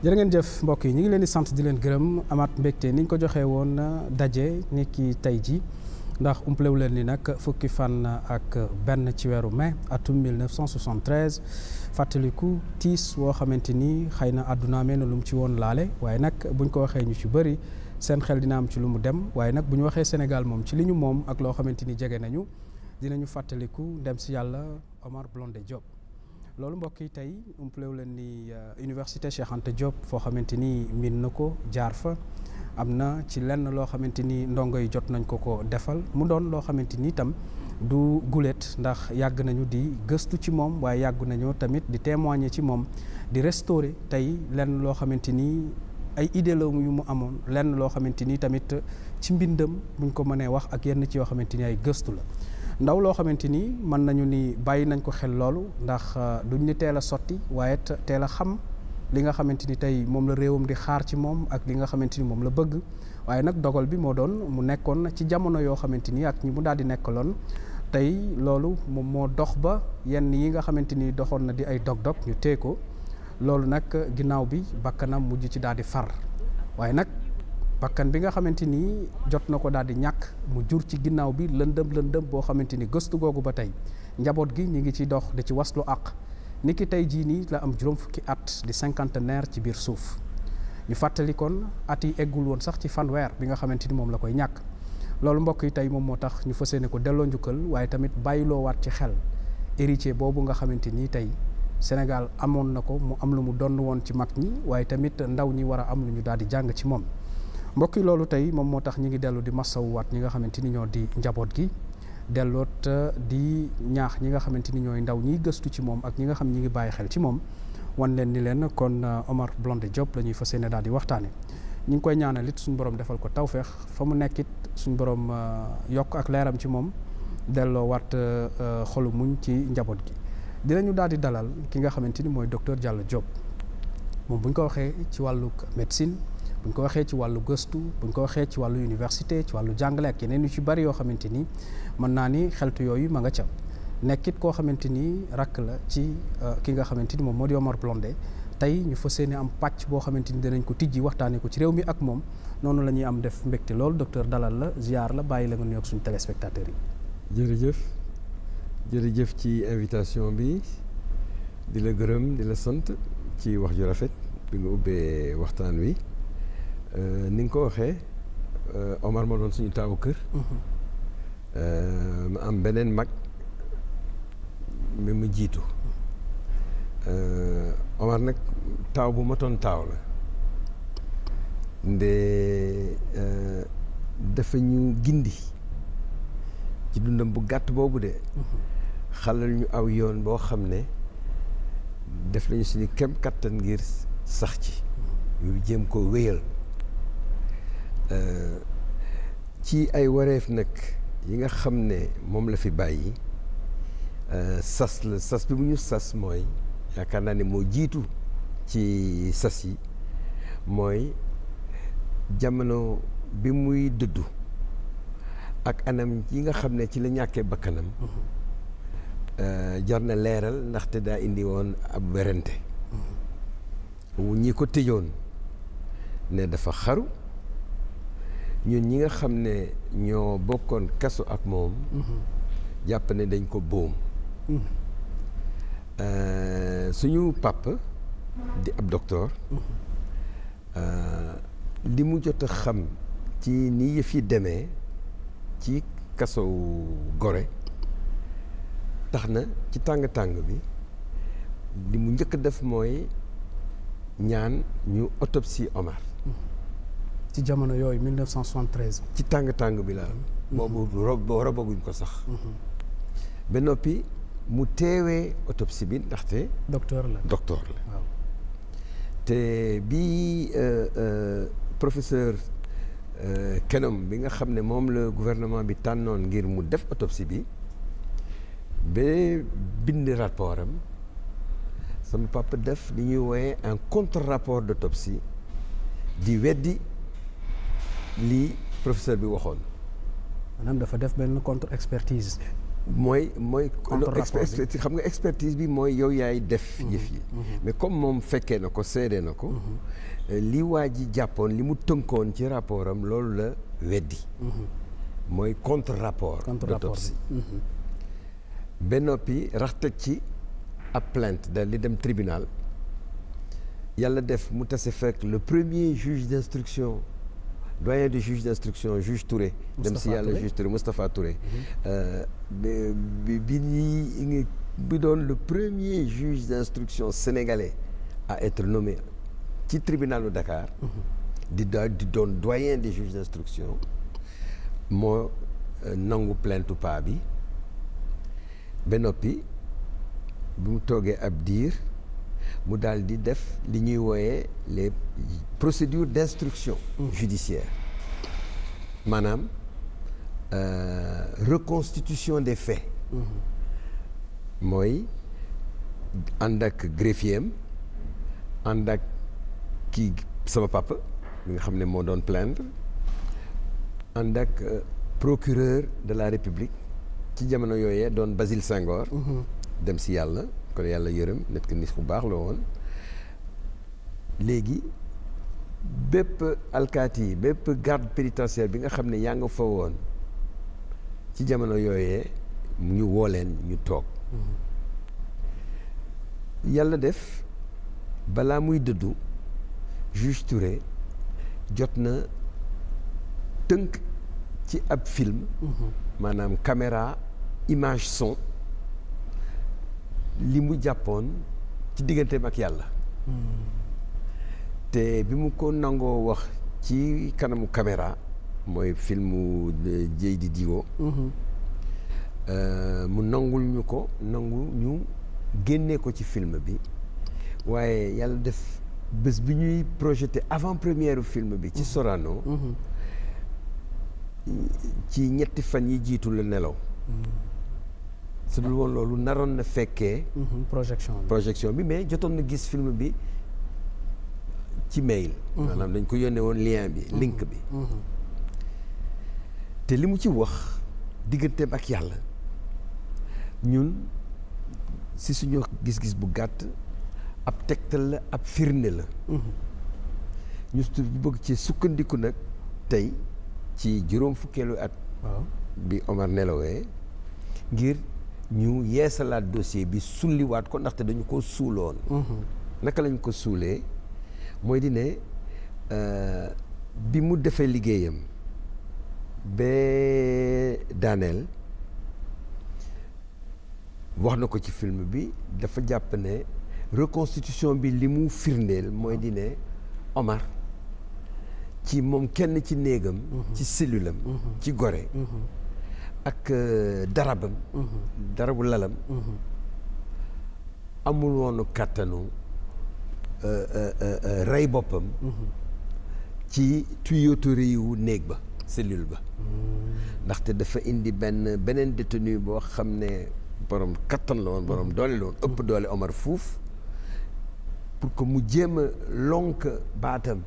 jërë ngeen jëf mbokk yi ñu ngi leen di sant di leen gërëm amaat mbégte ni ñu ko joxee woon euh, daje ni ki tey ji ndax umplewu leen ni nag fukki fan ak benn ci weeru mais atum 1973 fàttaliku tiis woo xamante ni xëy na àdduna amee na lum ci woon laale waaye nag buñ ko waxee ñu ci bëri seen xel dina am ci lu mu dem waaye nag bu ñu waxee Sénégal moom ci li ñu moom ak loo xamante ni jege nañu dinañu fàttaliku dem si yàlla Omar Blondin Diop. loolu mbokk yi tey umplewu leen ni euh, université Cheikh Anta foo xamante ni miin na ko jaar fa am na ci lenn loo xamante ni ndongo yi jot nañ ko ko defal mu doon loo xamante ni itam du guléet ndax yàgg nañu di gëstu ci moom waaye yàgg nañu tamit di témoigner ci moom di restaurer tey lenn loo xamante ni ay idée la yu mu amoon lenn loo xamante ni tamit ci mbindam muñ ko mënee wax ak yenn ci yoo xamante ni ay gëstu la. ndaw loo xamante ni mën nañu ni bàyyi nañ ko xel loolu ndax euh, duñ ni teel a sotti waaye teel a xam li nga xamante ni tey moom la réewam di xaar ci moom ak li nga xamante ni moom la bëgg waaye nag dogal bi moo doon mu nekkoon ci jamono yoo xamante ni ak ñi daal di nekkaloon tey loolu moom moo dox ba yenn yi nga xamante ni doxoon na di ay dog-dog ñu tee ko loolu nag ginnaaw bi bakkanam mujj ci daal di far waaye nag bakkan bi nga xamante ni jot na ko daal di ñàkk mu jur ci ginnaaw bi lëndëm lëndëm boo xamante ni gëstu googu ba tey njaboot gi ñu ngi ci dox di ci waslu àq ni ki tey jii nii la am juróom fukki at di cinquantenaire ci biir suuf ñu fàttali kon at yi eggul woon sax ci fanweer bi nga xamante ni moom la koy ñàkk loolu mbokk yi tey moom moo tax ñu fas yéene ko delloo njukkal waaye tamit bàyyiloo waat ci xel héritier boobu nga xamante ni tey Sénégal amoon na ko mu am lu mu donn woon ci mag ñi waaye tamit ndaw ñi war a am lu ñu daal di jàng ci moom mbokk yi loolu tey moom moo tax ñi ngi dellu di masawuwaat ñi nga xamante ni ñoo di njaboot gi delloot euh, di ñaax ñi nga xamante ni ñooy ndaw ñi gëstu ci moom ak ñi nga xam ñi ngi bàyyi xel ci moom wan leen ni leen kon euh, Omar Blondin Diop la fa fas yéene daal di waxtaane ñi ngi koy ñaanal it suñu borom defal ko tawféex fa mu nekkit suñu borom euh, yokk ak leeram ci moom delloo waat xolu muñ ci njaboot gi dinañu daal di dalal ki nga xamante ni mooy docteur Diallo Diop moom bu ko waxee ci wàllug médecine buñ ko waxee ci wàllu gëstu buñ ko waxee ci wàllu université ci wàllu jàngale ak yeneen yu ci bari yoo xamante ni mën naa ni xeltu yooyu ma nga ca nekkit koo xamante ni rakk la ci euh, ki nga xamante ni moom moo di Omar Blondin tey ñu fas yéene am pàcc boo xamante ni dinañ ko tijji waxtaanee ko ci réew mi ak moom noonu lañuy am def mbégte lool docteur dalal la ziar la bàyyi la nga nuyoog suñu téléspectateurs yi. jërëjëf jërëjëf ci invitation bi di la gërëm di la sant ci wax ju rafet bi nga waxtaan wi. Euh, ni nga ko waxee euh, Omar ma doon suñu taawu kër. ma euh, am beneen mag mi mu jiitu Omar nag taaw bu matoon taaw la nde dafa ñu gindi ci dundam bu gàtt boobu de xalal ñu aw yoon boo xam ne def nañu suñu kem kattan ngir sax ci yu jéem koo wéyal Euh, ci ay wareef nag yi nga xam ne moom la fi bàyyi euh, sas la sas bi mu ñu sas mooy yaakaar naa ne moo jiitu ci sas yi mooy jamono bi muy dëddu ak anam yi nga xam ne ci la ñàkkee bakkanam mm-hmm. euh, jar na leeral ndaxte daa indi woon ab werante mm-hmm. ñi ko tëjoon ne dafa xaru ñun ñi nga xam ne ñoo bokkoon kaso ak moom jàpp ne dañ ko boom mm-hmm. euh, suñu papa di ab docteur euh, li mu jot a xam ci ni yëf yi demee ci kaso gore tax na ci tàng-tàng bi li mu njëkk def mooy ñaan ñu autopsie Omar ci jamono yooyu 1973. ci tàng tàng bi la mhm. boobu robaguñ ko sax. Mhm. ba noppi mu teewee autopsie bi ndaxte. docteur la docteur la. waaw te bi euh, euh, professeur euh, Kenom bi nga xam ne moom la gouvernement bi tànnoon ngir mu def autopsie bi ba bind rapport am sama papa def li ñuy wooyee un contre rapport d' autopsie di weddi. lii professeur bi waxoon. maanaam dafa def benn contre expertise. mooy mooy expertise xam nga expertise bi mooy yow yaay def mhm. yëf yi mhm. mais comme moom fekkee na ko seede na ko mhm. lii waa ji jàppoon li mu tënkoon ci rapport am loolu la weddi mooy contre rapport d'autopsie ba noppi rax ci ab plainte dal di dem tribunal yàlla def mu tase fekk le premier juge d'instruction doyen de juge d'instruction juge Touré. dem si yàlla juge Touré Moustapha Touré. Mhm. Euh, bi bi ñuy bi doon le premier juge d'instruction sénégalais à être nommé ci tribunalu Dakar. Mhm. di daal di doon doyen des juges d'instruction moo euh, nangu plainte pa bi ba noppi bu mu toogee ab diir. mu daal di def li ñuy wooye les procédures d'instruction mmh. judiciaire maanaam euh, reconstitution des faits mmh. mooy ànd ak greffier am ànd ak kii sama papa mi nga xam ne moo doon plaindre ànd ak euh, procureur de la république ci jamono yooyee doon Basile Senghor mmh. dem si yàlla ko yàlla yërëm net ki nit ku baax la woon léegi bépp alkaati bépp garde pénitentiaire bi nga xam ne yaa nga fa woon ci jamono yooyee ñu woo ñu toog mm-hmm. yàlla def balaa muy dëddu juge Touré jot na tënk ci ab film mm-hmm. maanaam caméra image son li mu jàppoon ci digganteem ak yàlla hmm. te bi mu ko nangoo wax ci kanamu caméra mooy filmu jéy di diwo mu nangul ñu ko nangu ñu génnee ko ci film bi waaye yàlla def bés bi ñuy projeté avant première film bi ci hmm. Sorano hmm. ci ñetti fan yi jiitu la nelaw su dul woon loolu naroon na fekkee. Mhm, projection bi bi mais jotoon na gis film bi ci mail. Mhm. maanaam dañ ko yónnee woon lien bi mhm. link bi. te li mu ci wax digganteem ak yàlla ñun si suñu gis-gis bu gàtt ab tegtal la ab firnde la. ñu su bëgg ci sukkandiku nag tey ci juróom fukkeelu at. bi Omar nelawee ngir. ñu yeesalaat dossier bi sulliwaat ko ndaxte dañu ko suuloon mm-hmm. naka lañ ko suulee mooy di ne euh, bi mu defee liggéeyam ba daaneel wax na ko ci film bi dafa jàpp ne reconstitution bi li mu firndeel mooy di ne Omar ci moom kenn ci néegam mm-hmm. ci cellule mm-hmm. ci Gorée ak euh, darabam mhm. darabu lalam mhm. amul woonu kàttanu euh, euh, rey boppam mhm. ci tuyauterie wu néeg ba cellule ba mm. ndaxte dafa indi benn beneen détenu boo xam ne boroom kattan la woon mm. doole la ëpp mm. doole Omar fuuf pour que mu jéem a lonk baatam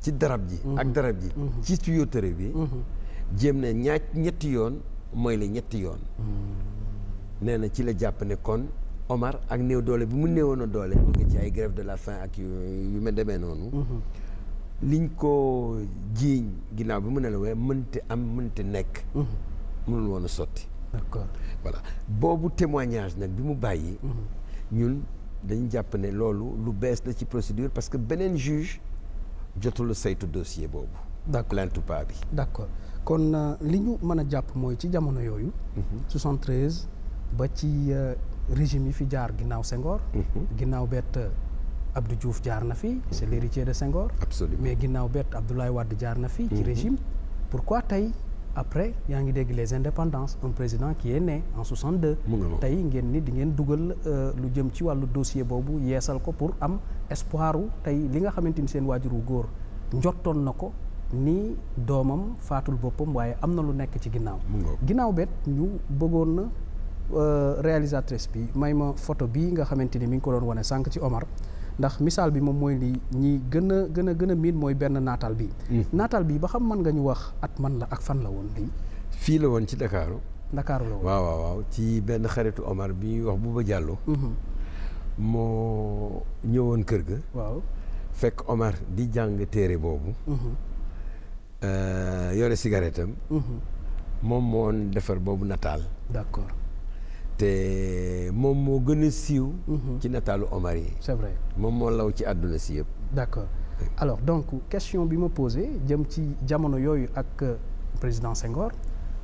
ci darab ji mm-hmm. ak darab ji mm-hmm. ci tuyauterie bi mm-hmm. jéem ne ñaaj ñetti yoon mooy la ñetti yoon nee na ci la jàpp ne kon Omar ak néew doole bi mu néewoon a doole ci ay grève de la fin ak yu ma demee noonu mhm. liñ ko jiiñ ginnaaw bi mu ne la waaye mënte am mënte nekk mhm. mënul woon a sotti voilà boobu témoignage nag bi mu bàyyi mhm. ñun dañu jàpp ne loolu lu bees la ci procédure parce que beneen juge jotul saytu dossier boobu d'accord plainte ou pas bi d'accord kon euh, li ñu mën a jàpp mooy ci jamono yooyu. 73 mhm. ba ci euh, régime yi fi jaar ginnaaw Senghor. Mhm. ginnaaw bett euh, Abdou Diouf jaar na fi c'est mhm. l'héritier de Senghor. absolument mais ginnaaw bett Abdoulaye Wade jaar na fi. ci régime pourquoi tey. après yaa ngi dégg les indépendances un président qui est né en 62. tey ngeen ni di ngeen dugal lu jëm ci wàllu dossier boobu yeesal ko pour am espoiru tey li nga xamante ni seen waajuru góor njottoon na ko ni doomam faatul boppam waaye am na lu nekk ci ginnaaw ginnaaw bet ñu bëggoon na euh, réalisatrice bi may ma photo bi nga xamante ni mi ngi ko doon wane sànq ci Omar ndax misaal bi moom mooy lii ñi gën a gën gën a miin mooy benn nataal bi mm. naataal bi ba xam man nga ñu wax at man la ak fan la woon lii fii la woon ci Ndakaaru Ndakaaru la woon waaw waaw waaw ci benn xaritu Omar bi ñuy wax Bouba Diallo mm-hmm. moo ñëwoon kër ga waaw fekk Omar di jàng téere boobu mm-hmm. Euh, yore cigarette mhm. moom moo defar boobu nataal. d'accord te moom moo gën a siiw. Mhm. ci nataalu Omar yi. c'est vrai moom moo law ci àdduna si yëpp. d'accord alors donc question bi ma posé jëm ci jamono yooyu ak euh, président Senghor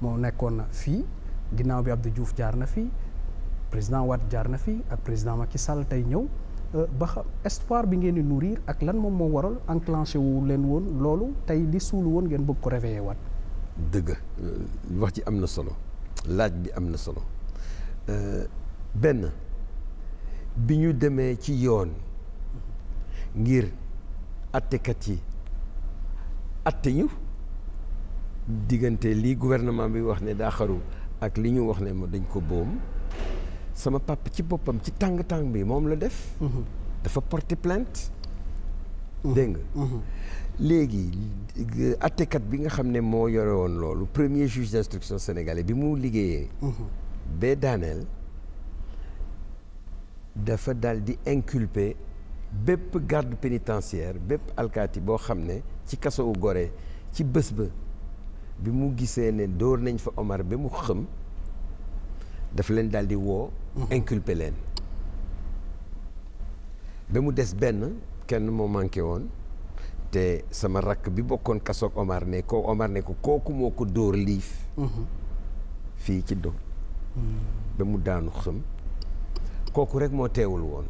moo nekkoon na fii ginnaaw bi Abdou Diouf jaar na fii président Wade jaar na fii ak président Macky Sall tey ñëw. Euh, ba xam espoir bi ngeen di nourrir ak lan moom moo waral enclenché wu leen woon loolu tey li suulu woon ngeen bëgg ko réveillé waat. dëgg euh, wax ci am na solo laaj bi am na solo euh, benn bi ñu demee ci yoon ngir attekat yi atte ñu diggante li gouvernement bi wax ne daa ak li ñu wax ne ma dañ ko boom sama papa ci boppam ci tàng-tàng bi moom la def mhm. dafa porter plainte mhm. dégg nga mhm. léegi àttekat bi nga xam ne moo yore woon loolu premier juge d'instruction sénégalais bi mu liggéeyee ba daaneel dafa dal di inculper bépp garde pénitentiaire bépp alkaati boo xam ne ci kasowu gore ci bés ba bi mu gisee ne dóor nañ fa Omar ba mu xëm dafa leen daal di woo. inculper leen. ba mu des benn kenn moo manqué woon te sama rakk bi bokkoon kasoog Omar ne ko Omar ne ko kooku moo ko dóor liif. Mhm. fii ci do ba mu daanu xëm. kooku rek moo teewul woon.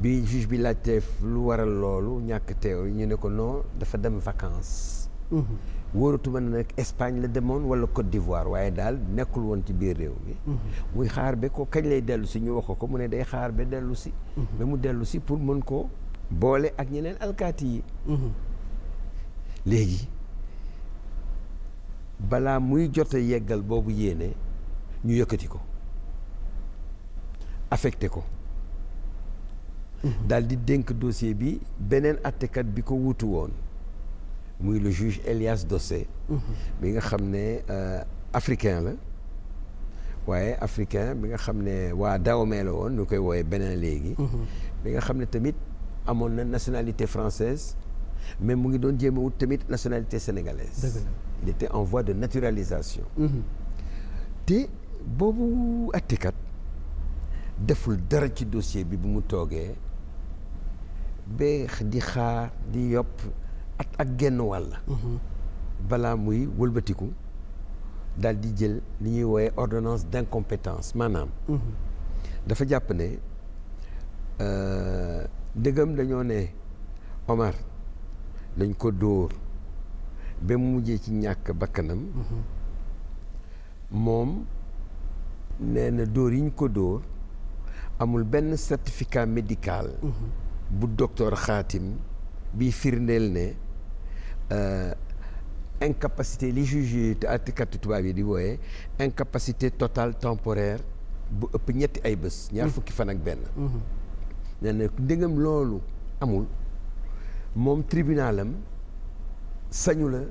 bi juge bi laajtee lu waral loolu ñàkk teew ñu ne ko non dafa dem vacances. Mhm. wóoratu ne nag Espagne la demoon wala Côte d'Ivoire waaye daal nekkul woon ci biir réew mi. Mhm. muy xaar ba ko kañ lay dellu si ñu wax ko mu ne day xaar ba dellu si. Mhm. mu dellusi pour mën ko boole ak ñeneen alkaati yi. Mhm. léegi balaa muy jot a yeggal boobu yéene ñu yëkkati ko affecté ko. daldi di dénk dossier bi beneen attekat bi ko wutu woon. muy le juge Elias Dossé bi nga xam ne euh, africain la waaye africain bi nga xam ne waa Dahomey la woon ñu koy woowee beneen léegi bi nga xam ne tamit amoon na nationalité française mais mu ngi doon jéem a wut tamit nationalité sénégalaise il était en voie de naturalisation mhm. te boobu attikat deful dara ci dossier bi bu mu toogee ba di xaar di yopp ak genn wàll. Mhm. balaa muy wëlbatiku daldi jël li ñuy wooyee ordonnance d'incompétence maanaam. Mhm. dafa jàpp ne euh, dëggam dañoo ne Omar dañ ko dóor ba mu mujjee ci ñàkk bakkanam. Mhm. moom nee dóor yi ñu ko dóor amul benn certificat médical. bu docteur Xaatim bi firndeel ne. Euh, incapacité li juge yi te àttekatu tubaab yi di wooyee incapacité totale temporaire bu ëpp ñetti ay bés. ñaar mm. fukki fan ak benn. Mm-hmm. nee na ndegam loolu amul moom tribunalam sañu la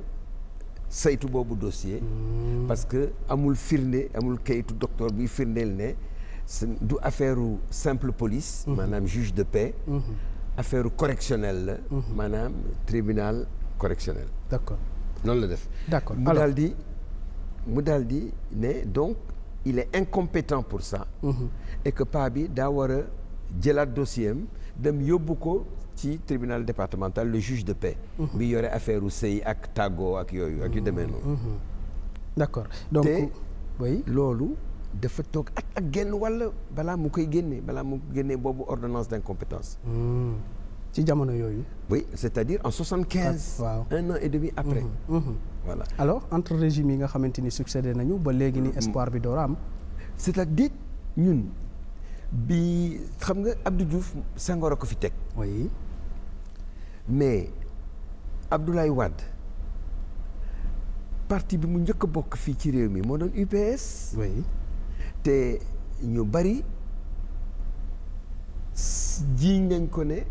saytu boobu dossier. Mm. parce que amul firnde amul kayitu docteur buy firndeel ne du affaire simple police. Mm-hmm. maanaam juge de paix. Mm-hmm. affaire correctionnelle la. maanaam tribunal. correctionnel. d'accord noonu la def. d'accord mu daal di mu daal ne donc il est incompétent pour ça. Mmh. et bi daa war a jëlaat dossier dem yóbbu ko ci tribunal départemental le juge de paix. Mhm. bi yore affaire u sëy ak tàggoo ak yooyu ak yu demee noonu. Mhm. d'accord donc loolu. dafa toog at ak genn wàll balaa mu koy génne balaa mu génne boobu ordonnance d'incompétence. Mhm. ci jamono yooyu. oui c'est-à-dire en soixante quinze. Ah, waaw un an et après. Mmh, alors entre régime yi nga xamante ni succédé nañu ba léegi ni mm-hmm. espoir bi door am. c'est-à-dire ñun bi xam nga Abdou Diouf Senghor a ko fi teg. oui mais Abdoulaye Wade parti bi mu njëkk a bokk fii ci réew mi moo doon UPS. te ñu bari jiiñ nañ ko ne.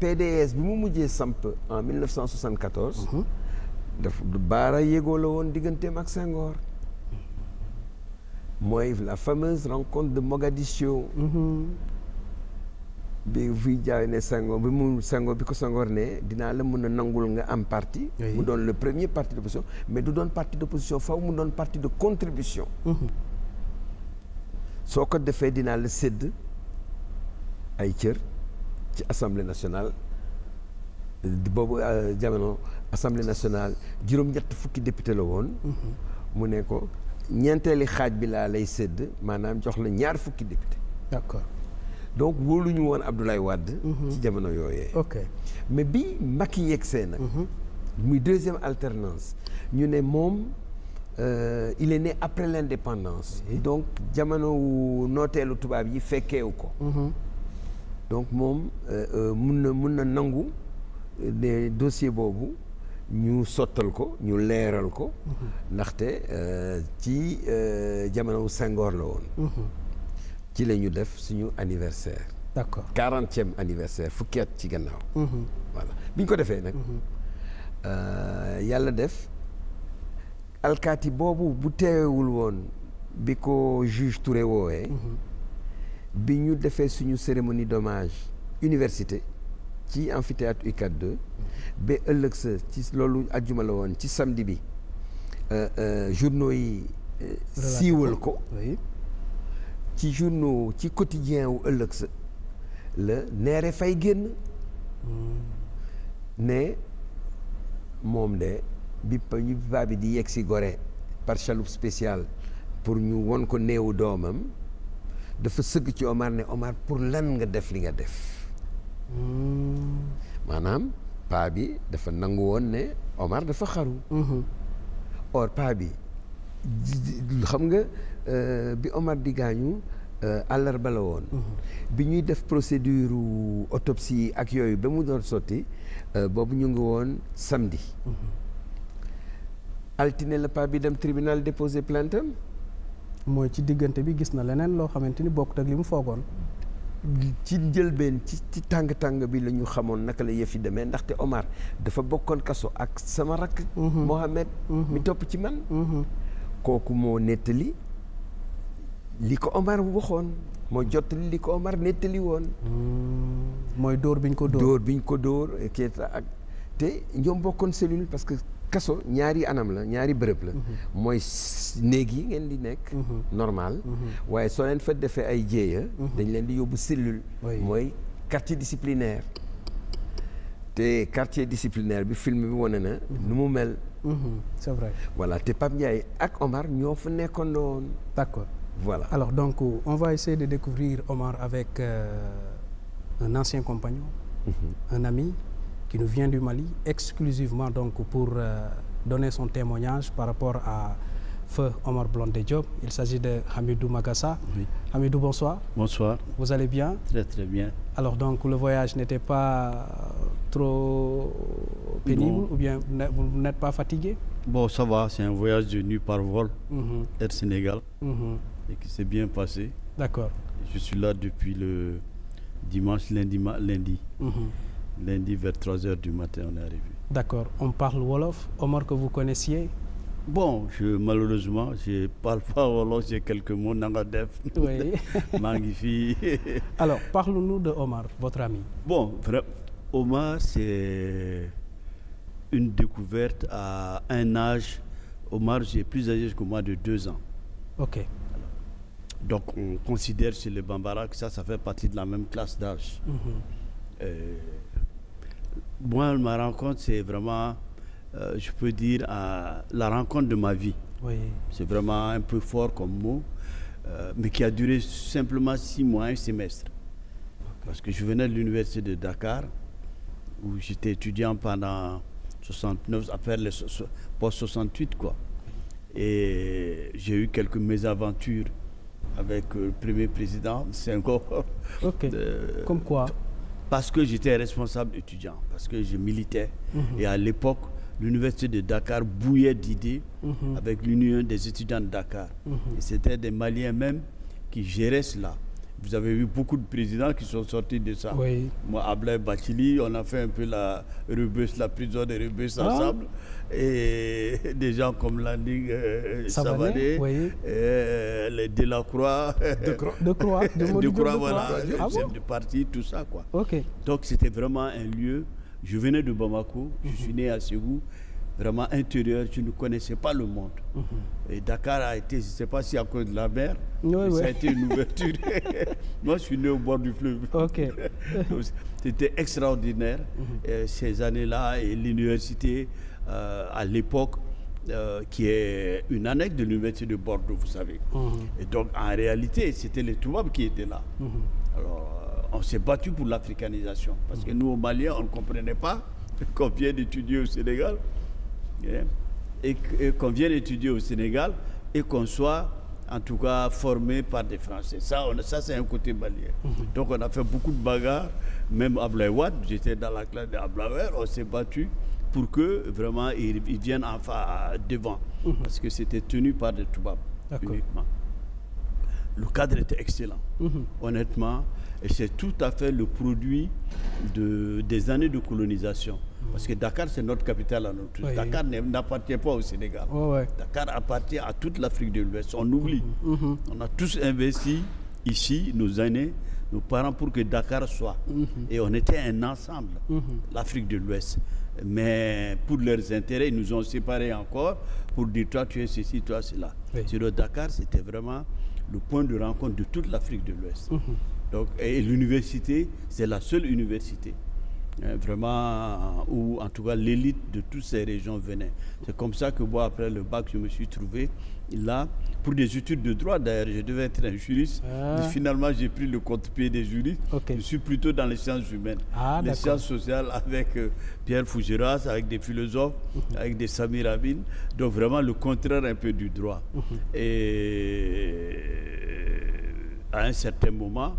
PDS bi mu mujjee samp en 1974. Mhm. daf baara yégoo la woon digganteem ak Senghor. mooy la fameuse rencontre de Mogadiscio. Mhm. bi fii jaay ne Senghor bi mu Senghor bi ko Senghor ne dinaa la mën a nangul nga am parti. mu doon le premier parti d'opposition mais du doon parti d'opposition faw mu doon parti de contribution. Mhm. soo ko defee dinaa la sédd ay cër. ci assemblée nationale boobu euh, jamono assemblée nationale juróom-ñett fukki député la woon. Mm-hmm. mu ne ko ñeenteeli xaaj bi laa lay sédd maanaam jox la ñaar fukki député. d'accord donc wóoluñu woon Abdoulaye Wade. Mm-hmm. ci jamono yooyee. mais bi Macky yegsee nag. Mm-hmm. muy deuxième alternance ñu ne moom. Euh, il est né après l'indépendance. donc jamono nooteelu tubaab yi fekkeewu ko. donc moom euh, euh, mun na mun na nangu de euh, dossier boobu ñu sottal ko ñu leeral ko mhm. ndaxte ci jamonow Senghor la woon mhm. ci la ñu def suñu anniversaire d'accord quarantième anniversaire fukki at ci gannaaw mhm. voilà bi ñu ko defee nag yàlla def alkaati boobu bu teewewul woon bi ko juge Touré woowee bi ñu defee suñu cérémonie d'hommage université ci amphithéâtre UCAD 2 ba ëllëg sa ci loolu ajjuma la woon ci samedi bi euh, euh, journaux yi euh, siiwal ko ci journaux ci quotidien wu ëllëg sa la neere fay génn hmm. ne moom de bi bi di yegg si gore par chaloupe spéciale pour ñu won ko néewu doomam dafa sëgg ci Omar ne Omar pour lan nga def li nga def hmm. maanaam paa bi dafa nangu woon ne Omar dafa xaru hmm. or paa bi xam nga euh, bi Omar di gaañu euh, àllarba la woon hmm. bi ñuy def procédure autopsie ak yooyu ba mu doon sotti euh, boobu ñu ngi woon samedi altine la paa bi dem tribunal déposé plainte mooy ci diggante bi gis na leneen loo xamante ni bokkut ak li mu foogoon. ci njëlbeen ci ci tàng tàng bi lañu xamoon naka la yëf yi demee ndaxte Omar dafa bokkoon kaso ak sama rakk. Mm-hmm. Mohamed. Mm-hmm. mi topp ci man. Mm-hmm. kooku moo nettali li ko Omar waxoon moo jottali li ko Omar nettali woon. mooy dóor bi ñu ko dóor dóor bi ñu ko dóor te ñoom bokkoon cellule parce kaso ñaari anam la ñaari bërëb la mhm. mooy néeg yi ngeen di nekk mhm. normal mhm. waaye soo leen fa defee ay jéeya dañ leen di yóbbu cellule mooy quartier disciplinaire te quartier disciplinaire bi film bi wane na nu mu mel c'est vrai te Pape Ndiaye ak Omar ñoo fa nekkandoon d'accord voilà alors donc on va essayer de découvrir Omar avec euh, un ancien compagnon un ami qui nous vient du Mali, exclusivement donc pour euh, donner son témoignage par rapport à feu Omar Blondé Diop. Il s'agit de Hamidou Magassa. Oui. Hamidou, bonsoir. Bonsoir. Vous allez bien Très très bien. Alors donc le voyage n'était pas trop pénible non. ou bien vous n'êtes pas fatigué Bon, ça va, c'est un voyage de nuit par vol, mm -hmm. Air Sénégal, mm -hmm. et qui s'est bien passé. D'accord. Je suis là depuis le dimanche, lundi, lundi. Mm -hmm. lundi vers 3 heures du matin on est arrivé. D'accord, on parle wolof, Omar que vous connaissiez? Bon, je malheureusement, je parle pas wolof, j'ai quelques mots nanga def. Oui. Maa ngi fii. Alors, parle-nous de Omar, votre ami. Bon, Omar c'est une découverte à un âge Omar, j'ai plus âgé que moi de deux ans. OK. Donc on considère chez les Bambara que ça ça fait partie de la même classe d'âge. Mhm. Euh, moi, ma rencontre, c'est vraiment, euh, je peux dire, euh, la rencontre de ma vie. vraiment un peu fort comme mot, euh, mois, un Parce que je venais de l'université de Dakar, où j'étais étudiant pendant 69, après le post-68, quoi. Et j'ai eu quelques mésaventures avec euh, le premier président, c'est Comme quoi parce que j'étais responsable étudiant, parce que je militais. Mm -hmm. Et à l'époque, l'université de Dakar bouillait d'idées mm -hmm. avec l'union des étudiants de Dakar. Mm -hmm. Et c'était des Maliens même qui géraient cela. Vous avez vu beaucoup de présidents qui sont sortis de ça. Oui. Moi, Ablaï Bachili, on a fait un peu la Rebus, la prison de Rebus ah. ensemble. Ah. et des gens comme Landing euh, Savané oui. euh, les Delacroix Decroix euh, Decroix voilà le ah chef bon? du parti tout ça quoi okay. donc c'était vraiment un lieu je venais de Bamako je mm -hmm. suis né à Ségou vraiment intérieur je ne connaissais pas le monde mm -hmm. et Dakar a été je ne sais pas si à cause de la mer oui, mais ouais. ça a été une ouverture moi je suis né au bord du fleuve okay. c'était extraordinaire mm -hmm. et ces années-là et l'université Euh, à l'époque euh, qui est une annexe de l'université de Bordeaux, vous savez. Mmh. Et donc, en réalité, c'était les Touables qui étaient là. Mmh. Alors, euh, on s'est battu pour l'africanisation. Parce mmh. que nous, aux Maliens, on ne comprenait pas qu'on vient d'étudier au Sénégal. Yeah, et, et qu'on vient d'étudier au Sénégal et qu'on soit, en tout cas, formé par des Français. Ça, on, ça c'est un côté malien. Mhm. Donc, on a fait beaucoup de bagarres. Même à Blaouad, j'étais dans la classe de Blaouad, on s'est battu. pour que vraiment ils, ils viennent enfin devant. Mmh. Parce que c'était tenu par des toubabs uniquement. Le cadre était excellent, mhm. honnêtement. Et c'est tout à fait le produit des années de colonisation. Mhm. Parce que Dakar, c'est notre capitale à notre Dakar n'appartient pas au Sénégal. Dakar appartient à toute l'Afrique de l'Ouest. On oublie. Mhm. On a tous investi ici, nos aînés, nos parents, pour que Dakar soit. Et on était un ensemble, l'Afrique de l'Ouest. mais pour leurs intérêts, ils nous ont séparés encore pour dire toi tu es ceci, toi cela. Oui. Sur le Dakar, c'était vraiment le point de rencontre de toute l'Afrique de l'Ouest. Mmh. Donc, et l'université, c'est la seule université hein, vraiment où en tout cas l'élite de toutes ces régions venait. C'est comme ça que moi, après le bac, je me suis trouvé là pour des études de droit d'ailleurs je devais être un juriste mais ah. finalement j'ai pris le contre-pied des juristes okay. je suis plutôt dans les sciences humaines ah, les sciences sociales avec euh, Pierre Fougeras avec des philosophes mhm. avec des Samir donc vraiment le contraire un peu du droit mhm. et euh, à un certain moment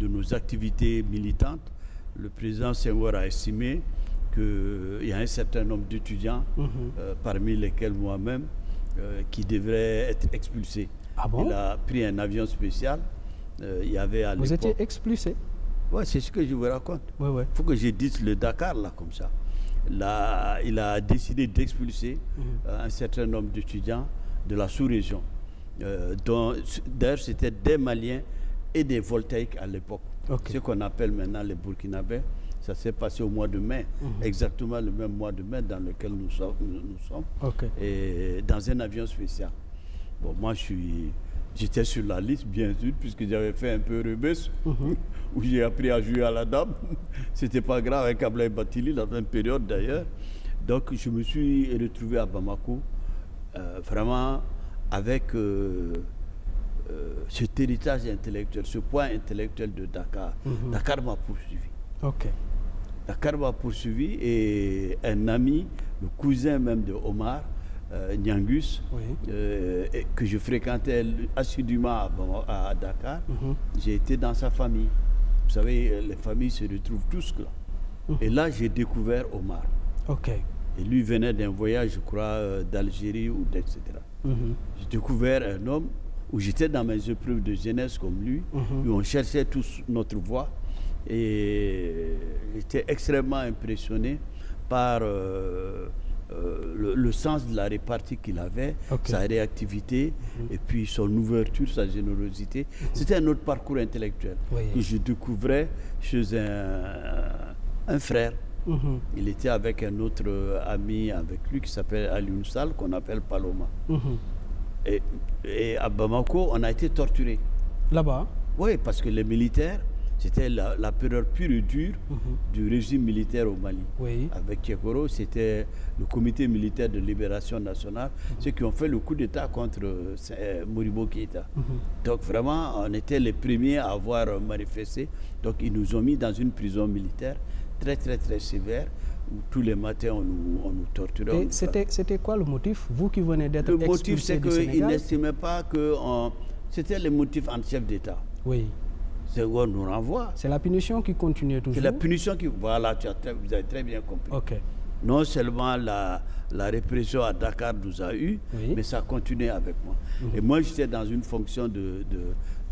de nos activités militantes le président Senghor a estimé qu'il euh, y a un certain nombre d'étudiants mhm. euh, parmi lesquels moi-même euh, qui devrait être expulsé. Ah bon? Il a pris un avion spécial. Euh, il y avait à l'époque. Vous étiez expulsé? Ouais, c'est ce que je vous raconte. Ouais, ouais. Faut que je dise le Dakar là comme ça. Là, il a décidé d'expulser mmh. un certain nombre d'étudiants de la sous-région. Euh, dont d'ailleurs c'était des Maliens et des Voltaïques à l'époque. Okay. Ce qu'on appelle maintenant les Burkinabés. Ça s'est passé au mois de mai, mmh. exactement le même mois de mai dans lequel nous sommes. Nous sommes okay. Et dans un avion spécial. Bon, moi, je suis, j'étais sur la liste, bien sûr, puisque j'avais fait un peu rebus, mmh. où j'ai appris à jouer à la dame. C'était pas grave avec Ablaï Batili, la même période d'ailleurs. Donc, je me suis retrouvé à Bamako, euh, vraiment avec. Euh, euh, cet héritage intellectuel, ce point intellectuel de Dakar. Mm -hmm. Dakar m'a poursuivi. Okay. Dakar va poursuivi et un ami, le cousin même de Omar, euh, Nyangus, oui. euh, et que je fréquentais assidûment à, à Dakar, mm -hmm. j'ai été dans sa famille. Vous savez, euh, les familles se retrouvent tous là. Mm -hmm. Et là, j'ai découvert Omar. OK. Et lui venait d'un voyage, je crois, euh, d'Algérie ou etc. Mm -hmm. J'ai découvert un homme où j'étais dans mes épreuves de jeunesse comme lui, mhm. où on cherchait tous notre voie. et euh, j'étais extrêmement impressionné par euh, euh, le, le, sens de la répartie qu'il avait, okay. sa réactivité, mm -hmm. et puis son ouverture, sa générosité. Mm -hmm. C'était un autre parcours intellectuel oui. que je découvrais chez un, un frère. Mm -hmm. Il était avec un autre euh, ami avec lui qui s'appelle Aliunsal, qu'on appelle Paloma. Mhm. Et, et, à Bamako, on a été torturé. Là-bas Oui, parce que les militaires c'était la, la période pure et dure mm -hmm. du régime militaire au Mali. Oui. Avec Tchekoro, c'était le comité militaire de libération nationale, mm -hmm. ceux qui ont fait le coup d'État contre euh, Moribo Keïta. Mm -hmm. Donc vraiment, on était les premiers à avoir manifesté. Donc ils nous ont mis dans une prison militaire très très très sévère où tous les matins on nous, on nous torturait. C'était c'était quoi le motif Vous qui venez d'être Le motif c'est qu'ils n'estimaient pas que on... c'était les motifs en chef d'État. Oui. second nous renvoie. C'est la punition qui continue toujours. C'est la punition qui. Voilà, tu as très, vous avez très bien compris. OK. Non seulement la, la répression à Dakar nous a eu, oui. mais ça continuait avec moi. Mm -hmm. Et moi, j'étais dans une fonction de, de,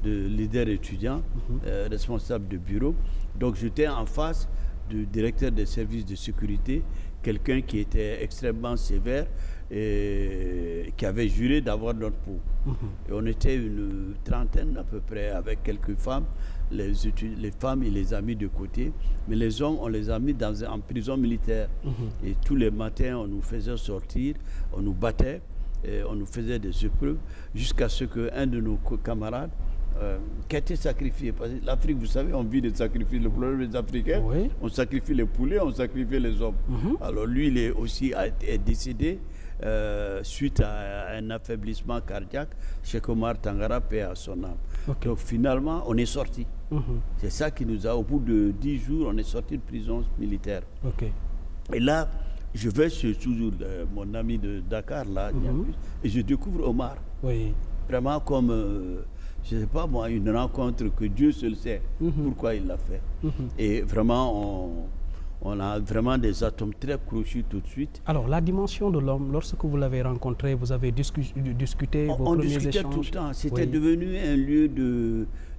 de leader étudiant, mm -hmm. euh, responsable de bureau. Donc, j'étais en face du directeur des services de sécurité, quelqu'un qui était extrêmement sévère et qui avait juré d'avoir notre peau. Mmh. Et on était une trentaine à peu près avec quelques femmes. les études, les femmes, il les a mis de côté, mais les hommes, on les a mis dans, en prison militaire. Mm -hmm. Et tous les matins, on nous faisait sortir, on nous battait, et on nous faisait des épreuves, jusqu'à ce qu'un de nos camarades, euh, qui a été sacrifié. Parce que l'Afrique, vous savez, on vit des sacrifices. Le problème des Africains, oui. on sacrifie les poulets, on sacrifie les hommes. Mm -hmm. Alors lui, il est aussi est décédé euh, suite à un affaiblissement cardiaque. Cheikh Omar Tangara paie à son âme. Okay. Donc finalement, on est sorti. Mhm. c'est ça qui nous a au bout de dix jours on est sorti de prison militaire. ok et là je vais chez toujours euh, mon ami de Dakar là. Niambus, mhm. et je découvre Omar. oui vraiment comme. Euh, je sais pas moi une rencontre que Dieu seul sait mm -hmm. pourquoi il l'a fait mm -hmm. et vraiment on on a vraiment des atomes très crochus tout de suite alors la dimension de l'homme lorsque vous l'avez rencontré vous avez discu discuté on, vos on premiers discutait échanges. tout le temps c'était oui. devenu un lieu de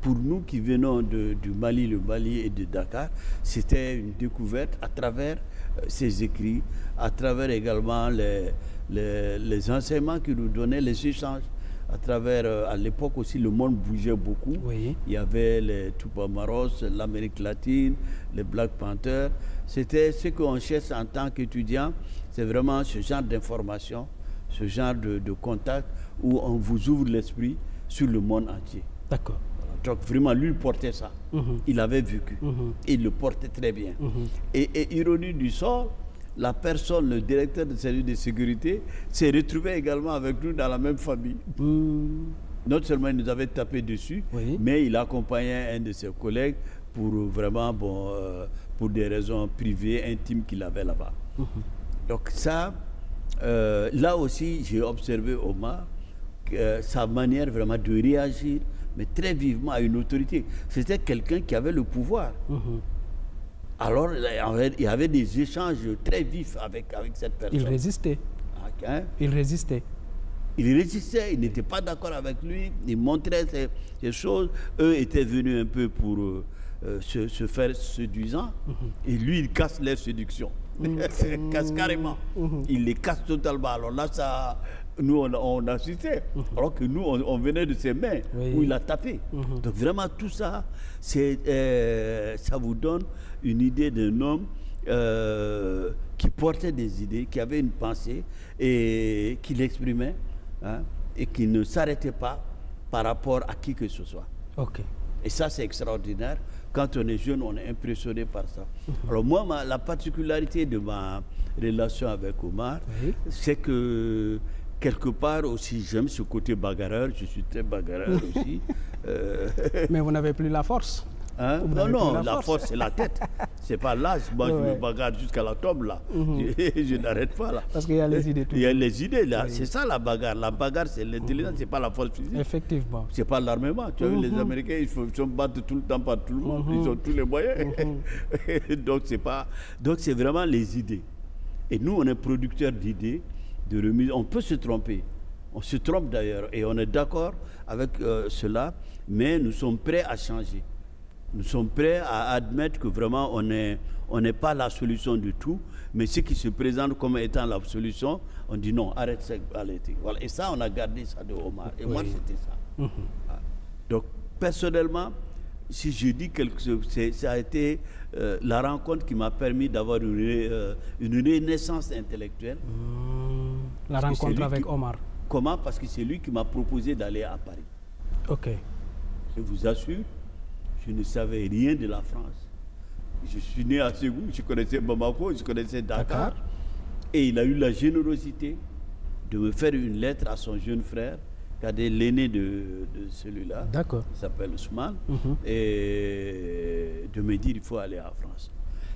pour nous qui venons de, du Mali, le Mali et de Dakar, c'était une découverte à travers ses euh, écrits, à travers également les, les, les enseignements qu'il nous donnait, les échanges à travers, euh, à l'époque aussi, le monde bougeait beaucoup. Oui. Il y avait les Tupamaros, l'Amérique latine, les Black Panthers. C'était ce qu'on cherche en tant qu'étudiant, c'est vraiment ce genre d'information, ce genre de, de contact où on vous ouvre l'esprit sur le monde entier. D'accord. Donc vraiment, lui portait ça. Mhm. Il avait vécu. Mm Il le portait très bien. Mhm. et, ironie du sort, la personne, le directeur de service de sécurité, s'est retrouvé également avec nous dans la même famille. Mhm. Non seulement il nous avait tapé dessus, mais il accompagnait un de ses collègues pour bon, euh, pour des raisons privées, intimes qu'il avait là-bas. Donc ça, euh, là aussi, j'ai observé Omar, euh, sa manière vraiment de réagir mais très vivement à une autorité. C'était quelqu'un qui avait le pouvoir. Mmh. Alors, il y, avait, il y, avait, des échanges très vifs avec, avec cette personne. Il résistait. Hein? Il résistait. Il résistait, il n'était pas d'accord avec lui, il montrait ces, ces, choses. Eux étaient venus un peu pour euh, euh se, se, faire séduisant, mm -hmm. et lui, il casse les séductions. Mm -hmm. il casse carrément. Mm -hmm. Il les casse totalement. Alors là, ça, nous on, on assistait. Mm-hmm. Alors que nous, on, venait de ses mains oui. il a tapé. Mm -hmm. Donc vraiment tout ça, c'est euh, ça vous donne une idée d'un homme euh, qui portait des idées, qui avait une pensée et qui ne s'arrêtait pas par rapport à qui que ce soit. Et ça, c'est extraordinaire. Quand on est jeune, on est impressionné par ça. Mm-hmm. Alors moi, la particularité de ma relation avec Omar, c'est que quelque part aussi j'aime ce côté bagarreur je suis très bagarreur aussi. Euh... mais vous n'avez plus la force. Hein? non non la, la force c'est la tête c'est pas l'âge moi ouais. je me bagarre jusqu'à la tombe là. Mm -hmm. je, je n'arrête pas là. parce qu'il y a les idées tout il y a les idées là oui. c'est ça la bagarre la bagarre c'est l'intelligence mm -hmm. c'est pas la force physique. effectivement c'est pas l'armement tu vois mm -hmm. les mhm. Américains ils se ils battent tout le temps par tout le monde. ils mhm. ont tous les moyens. Mhm. donc c'est pas donc c'est vraiment les idées et nous on est producteurs d'idées de remise. On peut se tromper. On se trompe d'ailleurs et on est d'accord avec euh, cela, mais nous sommes prêts à changer. Nous sommes prêts à admettre que vraiment on n'est on est pas la solution du tout, mais ce qui se présente comme étant la solution, on dit non, arrête cette réalité. Voilà. Et ça, on a gardé ça de Omar. Et oui. moi, c'était ça. Mmh. Voilà. Ah. Donc, personnellement, si je dis quelque chose, ça a été euh, la rencontre qui m'a permis d'avoir une, euh, une renaissance intellectuelle. Mmh, la rencontre avec qui, Omar. Comment Parce que c'est lui qui m'a proposé d'aller à Paris. Ok. Je vous assure, je ne savais rien de la France. Je suis né à Ségou, je connaissais Bamako, je connaissais Dakar. Dakar. Et il a eu la générosité de me faire une lettre à son jeune frère Kadé, l'aîné de, celui-là, qui s'appelle Ousmane, mhm. et de dire il faut aller en France.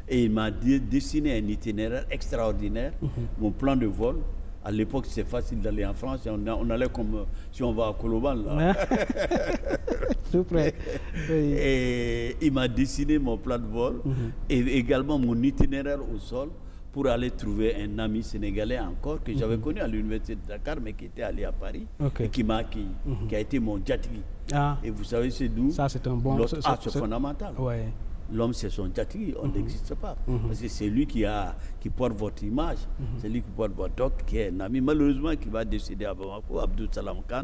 Et il m'a dessiné un itinéraire extraordinaire, mhm. mon plan de vol. À l'époque, c'est facile d'aller en France. On, a, comme si on va à Koloban, là. Tout près. Et il m'a dessiné mon plan de vol mhm. et également mon itinéraire au sol. pour aller trouver un ami sénégalais encore que j'avais mhm. connu à l'université de Dakar mais qui était allé à Paris et qui m'a mhm. qui, a été mon jatigi. Ah. Et vous savez c'est d'où Ça ah, fondamental. L'homme c'est son jatigi, on mhm. n'existe pas parce que c'est lui qui a porte votre image, c'est lui qui porte votre doc qui est un ami malheureusement qui va décéder à Bamako Abdou Salam Khan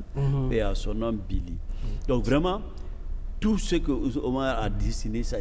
et à son nom Billy. Donc vraiment tout ce que Omar a dessiné ça a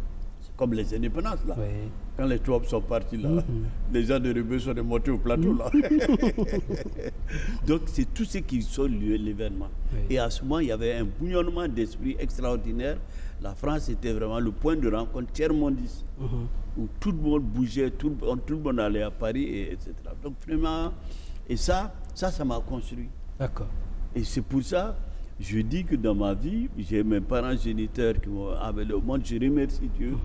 comme les indépendances là. Oui. Quand les Touaregs sont partis là, mm -hmm. les gens de Rebeu sont remontés au plateau là. Mm-hmm. Donc c'est tout ce qui sont lieu l'événement. Oui. Et à ce moment, il y avait un bouillonnement d'esprit extraordinaire. La France était vraiment le point de rencontre tiers-mondiste, mm -hmm. où tout le monde bougeait, tout, tout le monde allait à Paris, et, etc. Donc vraiment, et ça, ça, ça m'a construit. D'accord. Et c'est pour ça je dis que dans ma vie, j'ai mes parents géniteurs qui m'ont amené au monde. Je remercie Dieu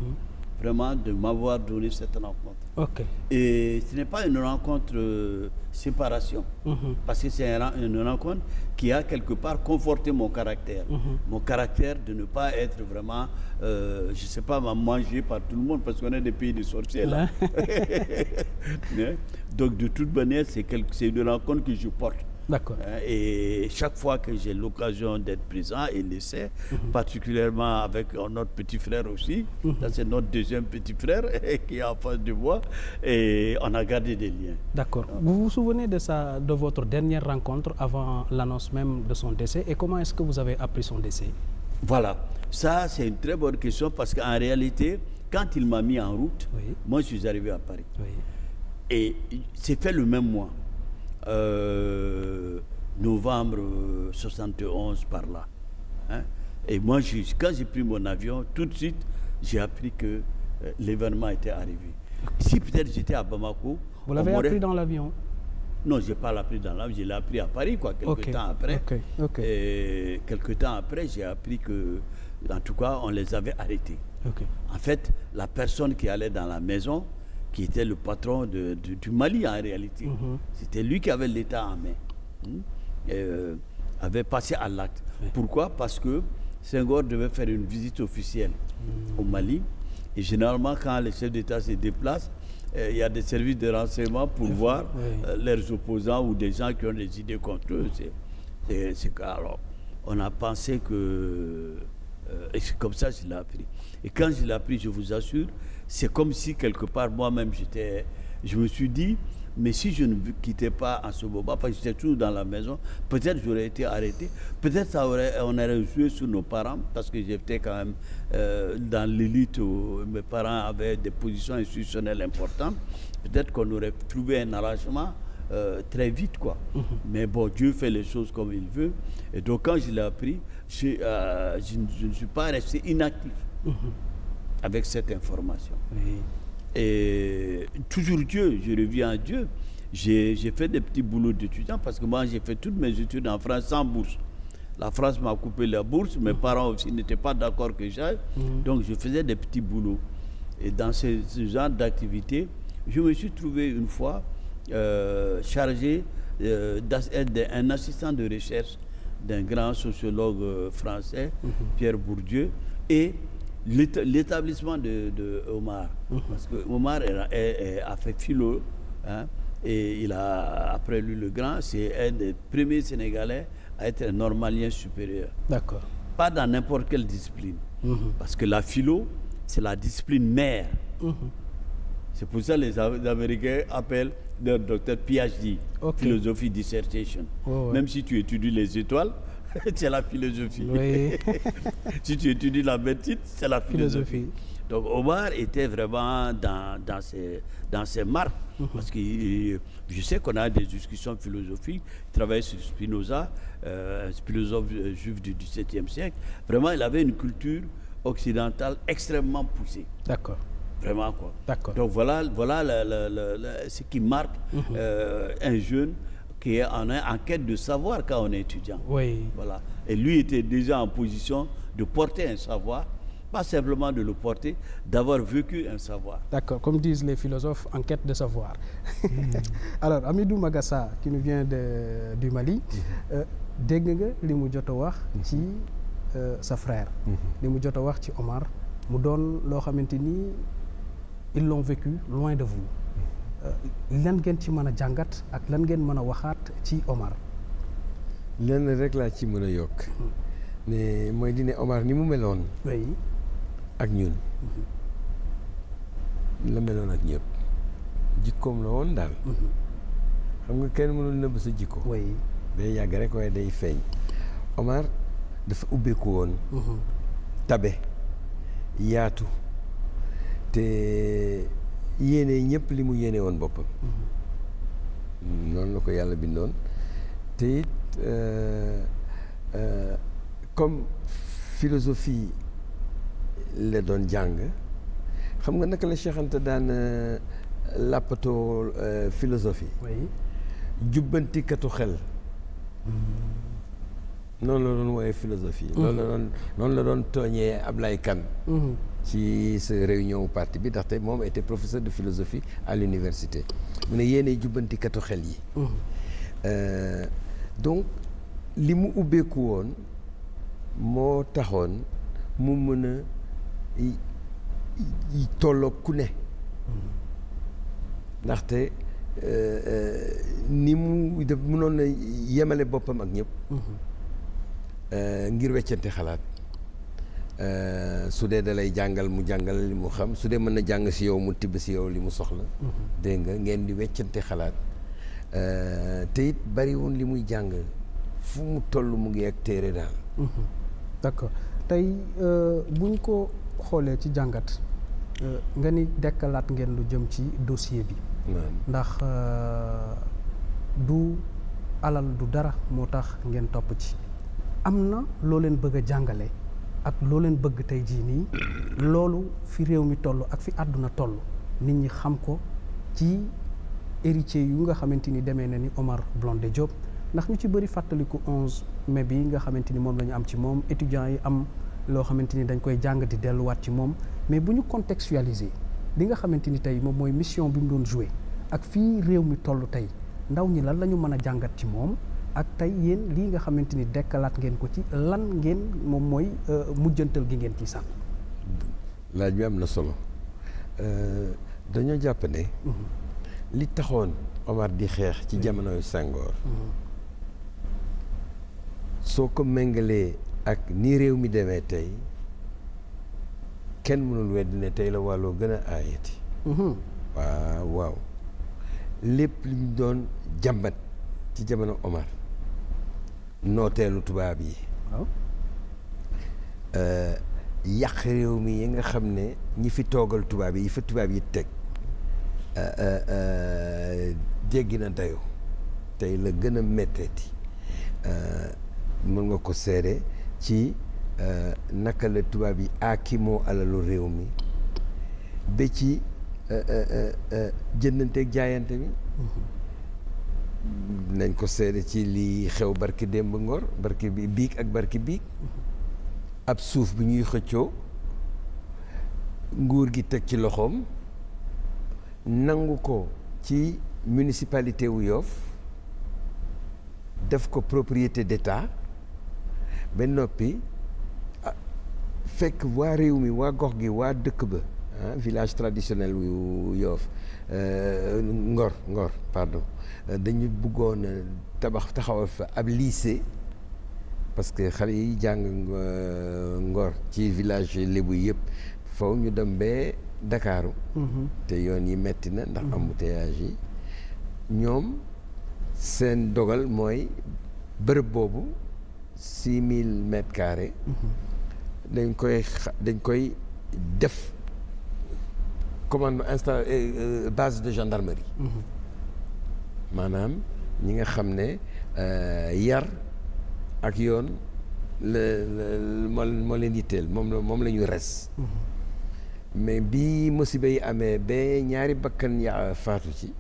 mhm. de m'avoir donné cette rencontre. Et ce n'est pas une rencontre euh, séparation, mhm. parce que c'est une rencontre qui a quelque part conforté mon caractère. Mhm. Mon caractère de ne pas être vraiment, euh, je sais pas, mangé par tout le monde, parce qu'on est des pays de sorciers là. Donc de toute manière, c'est une rencontre que je porte. D'accord. Euh, et chaque fois que j'ai l'occasion d'être présent et laissé, mmh. particulièrement avec notre petit frère aussi, mmh. ça c'est notre deuxième petit frère qui est en face de moi, et on a gardé des liens. D'accord. Ah. Vous vous souvenez de, sa, de votre dernière rencontre avant l'annonce même de son décès, et comment est-ce que vous avez appris son décès Voilà. Ça, c'est une très bonne question parce qu'en réalité, quand il m'a mis en route, oui. moi je suis arrivé à Paris. Oui. Et c'est fait le même mois. euh, novembre 71 euh, par là hein. Et moi je, quand j'ai pris mon avion tout de suite j'ai appris que euh, l'événement était arrivé. Si peut-être j'étais à Bamako. Vous l'avez appris dans l'avion? Non, j'ai pas l'appris dans l'avion, je l'ai appris à Paris quelque temps après, j'ai appris que en tout cas, on les avait arrêtés. En fait, la personne qui allait dans la maison qui était le patron de, de du Mali en réalité. Mmh. C'était lui qui avait l'État en main. Et, euh, avait passé à l'acte. Oui. Pourquoi? Parce que Senghor devait faire une visite officielle mm-hmm. au Mali. Et généralement, quand les chefs d'État se déplacent, euh, il y a des services de renseignement pour oui. voir oui. Euh, leurs opposants ou des gens qui ont des idées contre eux. C'est, c'est, alors, on a pensé que... Euh, et c'est comme ça que je l'ai appris. Et quand je l'ai appris, je vous assure, c'est comme si quelque part moi-même j'étais je me suis dit mais si je ne quittais pas en ce moment parce que j'étais toujours dans la maison peut-être j'aurais été arrêté peut-être ça aurait on aurait joué sur nos parents parce que j'étais quand même euh, dans l'élite où mes parents avaient des positions institutionnelles importantes peut-être qu'on aurait trouvé un arrangement euh, très vite quoi mmh. mais bon Dieu fait les choses comme il veut et donc quand je l'ai appris je, euh, je, je ne suis pas resté inactif mmh. avec cette information. Oui. Et toujours Dieu, je reviens à Dieu. J'ai fait des petits boulots d'étudiant parce que moi, j'ai fait toutes mes études en France sans bourse. La France m'a coupé la bourse, mes mm. parents aussi n'étaient pas d'accord que j'aille. Mm. Donc, je faisais des petits boulots. Et dans ce, ce genre d'activité, je me suis trouvé une fois euh, chargé euh, d'un assistant de recherche d'un grand sociologue euh, français, mm -hmm. Pierre Bourdieu, et l'établissement de, de Omar. Mmh. Parce que Omar a fait philo, et il a, après lui, le grand, c'est un des premiers Sénégalais à être un normalien supérieur. Pas dans n'importe quelle discipline. Uh-huh. Parce que la filo c'est la discipline mère. Mmh. C'est pour ça que les Américains appellent leur docteur PhD, philosophie dissertation. Même si tu étudies les étoiles, c'est la philosophie. Oui. si tu étudies la médecine, c'est la philosophie. philosophie. Donc Omar était vraiment dans, dans, ses, dans ses marques. Mmh. Parce que euh, je sais qu'on a des discussions philosophiques. Il travaillait sur Spinoza, euh, un philosophe euh, juif du XVIIe siècle. Vraiment, il avait une culture occidentale extrêmement poussée. D'accord. Vraiment, quoi. D'accord. Donc voilà, voilà ce qui marque mhm. euh, un jeune qui en, en quête de savoir quand on étudiant. Voilà. Et lui était déjà en position de porter un savoir, pas simplement de le porter, d'avoir vécu un savoir. D'accord, comme disent les philosophes, enquête de savoir. Mmh. Alors, Amidou Magassa, qui nous vient de, du Mali, hmm. euh, dégg nga li mu jot a wax ci euh, sa frère. Hmm. li mu jot a wax ci Omar mu doon loo xamante ni il l'ont vécu loin de vous. Euh, lan ngeen ci mën a jàngat ak lan ngeen mën a waxaat ci Omar. lenn rek laa ci mën a yokk. ne mooy di ne Omar ni mu meloon. ak ñun. Mhm. la meloon ak ñëpp. jikkoom la woon daal. Mhm. xam nga kenn mënul nëbb sa jikko. day yàgg rek waaye day feeñ. Omar dafa ubbeeku woon. Mhm. tabe yaatu te. yéene ñëpp li mu yéene woon boppam. Mm-hmm. noonu la ko yàlla bindoon te it euh, euh, comme philosophie la doon jàng xam nga naka la Cheikh Anta daan euh, làppatoo philosophie. jubbantikatu xel. Mm-hmm. noonu la doon wooyee philosophie. loolu mm-hmm. noonu la doon tooñee Ablaye Kane. Mm-hmm. ci sa réunion parti bi ndaxte moom était professeur de philosophie à l'université mu ne yéenay jubbantikatu xel yi. Mm-hmm. Euh, donc li mu ubbeeku woon moo taxoon mu mën a tolloog ku ne. ndaxte euh, euh, ni mu def mënoon na yemale boppam ak ñëpp. Euh, ngir weccante xalaat euh, su dee da lay jàngal mu jàngal li mu xam su dee mën na jàng si yow mu tibb si yow li mu soxla. Mm-hmm. dégg nga ngeen di weccante xalaat euh, te it bari li muy jàng fu mu toll mu ngi ak téere daal. Mm-hmm. d'accord tey buñ ko xoolee ci jàngat nga ni dekkalaat ngeen lu jëm ci dossier bi. ndax du alal du dara moo tax ngeen topp ci. am na loo leen bëgg a jàngale ak loo leen bëgg tey jii nii loolu fi réew mi toll ak fi àdduna toll nit ñi xam ko ci héritier yu nga xamante ni demee na ni Omar Blondin Diop ndax ñu ci bëri fàttaliku 11 mai bi nga xamante ni moom la am ci moom étudiants yi am loo xamante ni dañ koy jàng di delluwaat ci moom mais bu ñu contextualiser li nga xamante ni tey moom mooy mission bi mu doon joué ak fii réew mi toll tey ndaw ñi lan la ñu mën a jàngat ci moom. ak tey yéen lii nga xamante ni dekkalaat ngeen ko ci lan ngeen moom mooy euh, mujjantal gi ngeen ciy sànq. laaj bi am na solo euh, dañoo jàpp ne. Mm-hmm. li taxoon Omar di xeex ci jamonoy Senghor. Mm-hmm. soo ko méngalee ak ni réew mi demee tey kenn mënul weddi ne tey la wàlloo gën a aayati. Mm-hmm. waaw waaw lépp li doon jàmbat ci jamono Omar. nooteelu tubaab yi waaw euh, yàq réew mi yi nga xam ne ñi fi toogal tubaab yi fa tubaab yi teg euh, euh, jéggi na dayo tey la gën a métteeti mën nga ko seede ci naka la tubaab yi aakimoo alalu réew mi ba ci jëndante ak jaayante bi mm-hmm. nañ ko seede ci lii xew barki démb ngor barki bi biig ak barki biig ab suuf bu ñuy xëccoo nguur gi teg ci loxoom nangu ko ci municipalité wu Yoff def ko propriété d'État ba noppi ah, fekk waa réew mi waa gox gi waa dëkk ba ah, village traditionnel wu yoof euh, Ngor Ngor pardon dañu buggoona euh, tabax taxawal fa ab lycée parce que xale yi jàng euh, Ngor ci village Lébu yëpp faw ñu dem ba Ndakaaru mm-hmm. te yoon yi metti na ndax mm-hmm. embouteillage yi ñoom seen dogal mooy bërëb boobu six mille mètres carrés mm-hmm. dañ koy dañ koy def commandement insta euh, base de gendarmerie. maanaam ñi nga xam ne euh, yar ak yoon la moo moo leen yitteel moom la moom la res mm-hmm. mais bi musiba yi amee ba ñaari bakkan ya faatu ci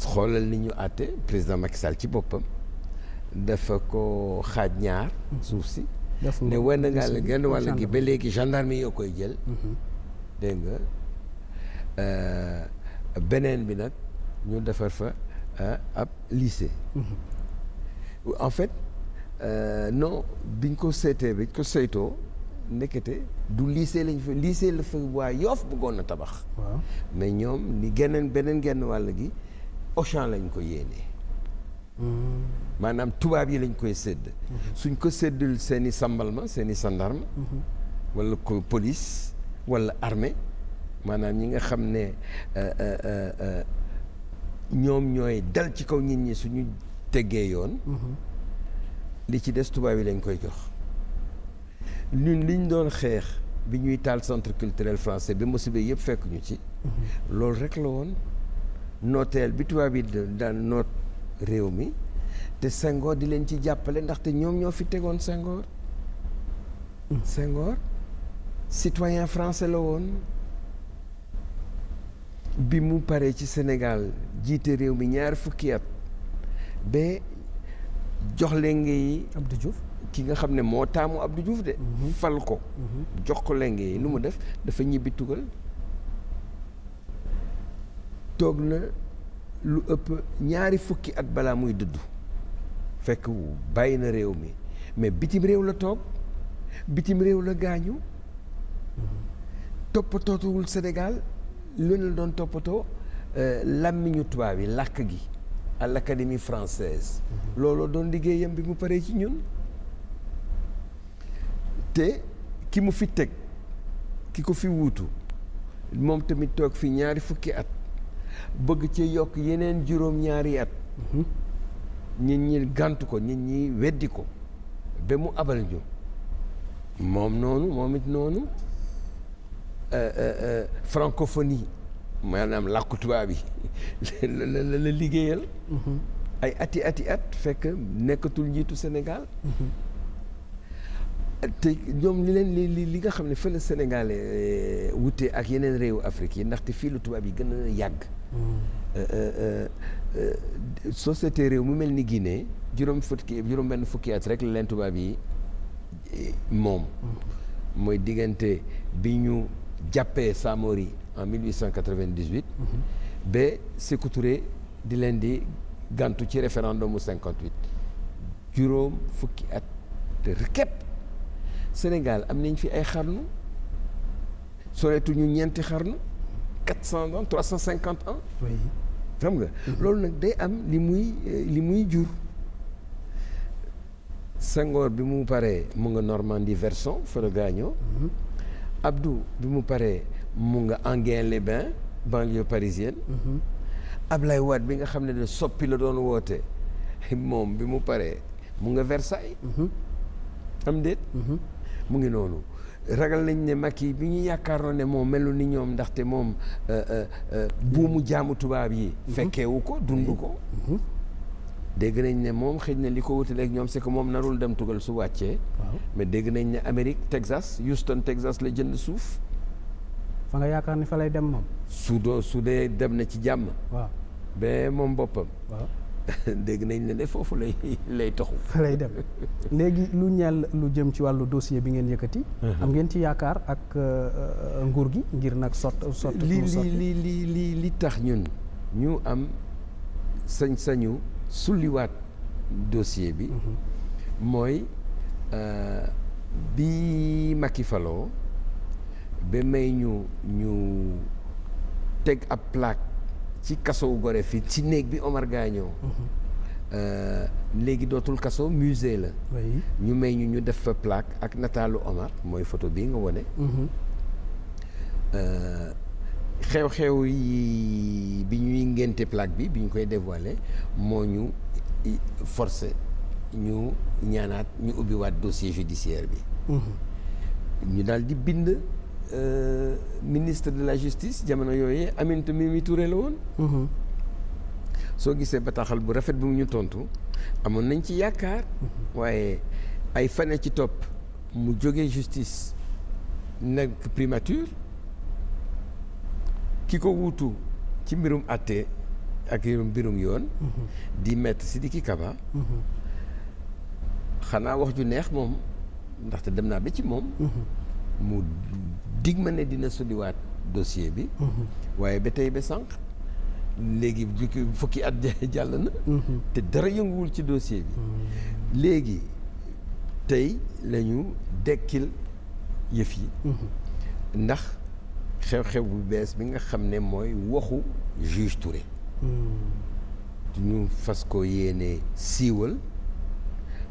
xoolal ni ñu àtte président Macky Sall ci boppam dafa ko xaaj ñaar mm-hmm. suuf si ne wenn nga la genn wàll gi ba léegi gendarme yoo koy jël mm-hmm. dégg nga euh, beneen bi nag ñu defar fa ab lycée. Mm-hmm. en fait euh, non biñ ko seetee biñ ko saytoo ndekete du lycée lañ fa lycée la fa waa Yoff bëggoon na tabax. waaw mais ñoom ni geneen beneen genn wàll gi Auchan lañ ko yéene mm-hmm. maanaam tubaab yi lañ koy sedd mm-hmm. suñ ko sedd seen i sambalma seeni i sandarma. wala ko police wala armée maanaam ñi nga xam ne. Euh, euh, ñoom ñooy dal ci kaw nit ñi suñu teggee yoon mhm. li ci des tubaab yi lañ koy jox ñun liñ doon xeex bi ñuy taal centre culturel français bi musiba yëpp fekk ñu ci mhm. loolu rek la woon nooteel bi tubaab yi daan noot réew mi te Senghor di leen ci jàppale ndaxte ñoom ñoo fi tegoon sengoor mhm. sengoor citoyen français la woon bi mu paree ci Sénégal jiite réew mi ñaar fukki at ba jox lenge yi. Abdou ki nga xam ne moo taamu Abdou Diouf de. Mhm. fal ko. Mhm. jox ko lenge lu mu def dafa ñibbi tugal toog na lu ëpp ñaari fukki at balaa muy dëdd fekk bàyyi na réew mi mais bitim réew la toog bitim réew la gaañu mhm. toppatootuwul Sénégal. lu ñu doon toppatoo euh, làmmiñu tubaab yi làkk gi à l'Académie française mhm. looloo doon liggéeyam bi mu paree ci ñun te ki mu fi teg ki ko fi wuutu moom tamit toog fi ñaari fukki at bëgg ci yokk yeneen juróom ñaari at mhm. nit ñi gàntu ko nit ñi weddi ko ba mu abal ñu moom noonu moom it noonu Euh, euh, euh, francophonie maanaam làkku tubaab yi la la liggéeyal mm-hmm. ay ati ati at fekk nekkatul njiitu Sénégal mm-hmm. te ñoom li leen li li nga xam ne fële Sénégal wute ak yeneen réew Afrique yi ndaxte fii lu tubaab yi gën a yàgg mm-hmm. société réew mu mel ni Guinée juróom fukki juróom benn fukki at rek la leen tubaab yi moom mooy diggante bi ñu jàppee Samori en 1898. ba Sékou di leen di gantu ci référendum mu juróom fukki at te képp Sénégal am nañ fi ay xarnu soreetuñu ñeenti xarnu quatre cent ans cent cinquante ans. oui xam nga. Mm-hmm. loolu nag day am li muy li muy jur. Senghor bi mu paree mu nga Normandie Verson fa la gaañoo. Mm-hmm. Abdou bi mu paree mu nga Enghien-les-Bains banlieue parisienne. Mhm. lay Wade bi nga xam ne de soppi la doon woote moom bi mu paree mu nga Versailles. Mhm. am déet. Mhm. mu ngi noonu ragal nañ ne Macky bi ñu yaakaaroon ne moom melu ni ñoom ndaxte moom euh, euh, euh, buumu jaamu tubaab yi. fekkeewu ko dund ko. dégg nañ ne moom xëj na li ko wutaleeg ñoom c'est que moom narul dem tugal su wàccee. mais dégg nañ ne Amérique Texas Houston Texas la jënd suuf. fa nga yaakaar ni fa lay dem moom. su doo su dee dem na ci jàmm. waaw ba moom boppam. waaw dégg nañ ne de foofu lay lay toxu. fa lay dem léegi lu ñeel lu jëm ci wàllu dossier bi ngeen yëkkati. Uh-huh. am ngeen ci yaakaar ak euh, euh, nguur gi ngir nag sot sot li li li li li tax ñun ñu am sañ-sañu. sulliwaat dossier bi. Mhm. mooy euh, bi Macky faloo ba may ñu ñu teg ab plaque ci kasowu Gorée fii ci néeg bi Omar Gagnon. Mhm. Euh, léegi dootul kaso musée la. ñu may ñu ñu def fa plaque ak nataalu Omar mooy photo bii nga wone mhm. euh, xew-xew yi bi ñuy ngénte plaque bi bi ñu koy dévoiler moo ñu force ñu ñaanaat ñu ubbiwaat dossier judiciaire bi. Mhm. ñu daal di bind euh, ministre de la justice jamono yooyu Aminata Mimi Touré la woon. Mhm. soo gisee bataaxal bu rafet bu ñu tontu amoon nañ ci yaakaar. Mhm. waaye ay fane ci topp mu jógee justice nekk primature. ki ko wuutu ci mbirum àtte ak mbirum yoon. Mm-hmm. di maître Sidiki Kaba. Mm-hmm. xanaa wax ju neex moom ndaxte dem naa ba ci moom. Mm-hmm. mu dig ma ne dina sulliwaat dossier bi. waaye ba tey ba sànq léegi fukki at jàll na. te dara yënguwul ci dossier bi. léegi tey lañu dekkil yëf yi. ndax. xew-xew bu bees bi nga xam ne mooy waxu juge Touré. Hmm. ñu fas ko yéene siiwal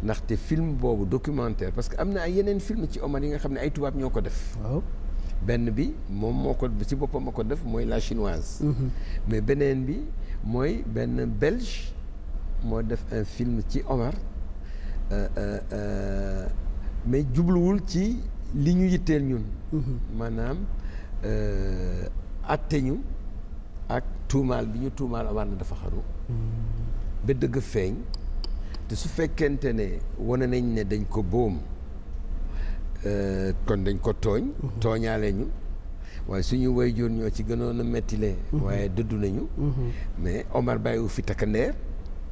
ndaxte film boobu documentaire parce que am na yeneen film ci Omar yi nga xam ne ay tubaab ñoo ko def. benn bi moom moo ko ci boppam moo def mooy la chinoise. Hmm. mais beneen bi mooy benn belge moo def un film ci Omar euh, euh, euh, mais jubluwul ci li ñu yitteel ñun. Hmm. maanaam. Euh, atte ñu ak tuumaal bi ñu tuumaal amaat na dafa xaru ba dëgg feeñ te su fekkente ne wane nañ ne dañ ko boom euh, kon dañ ko tooñ tooñaale ñu waaye suñu waajur ñoo ci gënoon a mettile waaye dëddu nañu mais Omar bàyyiwu fi takkandeer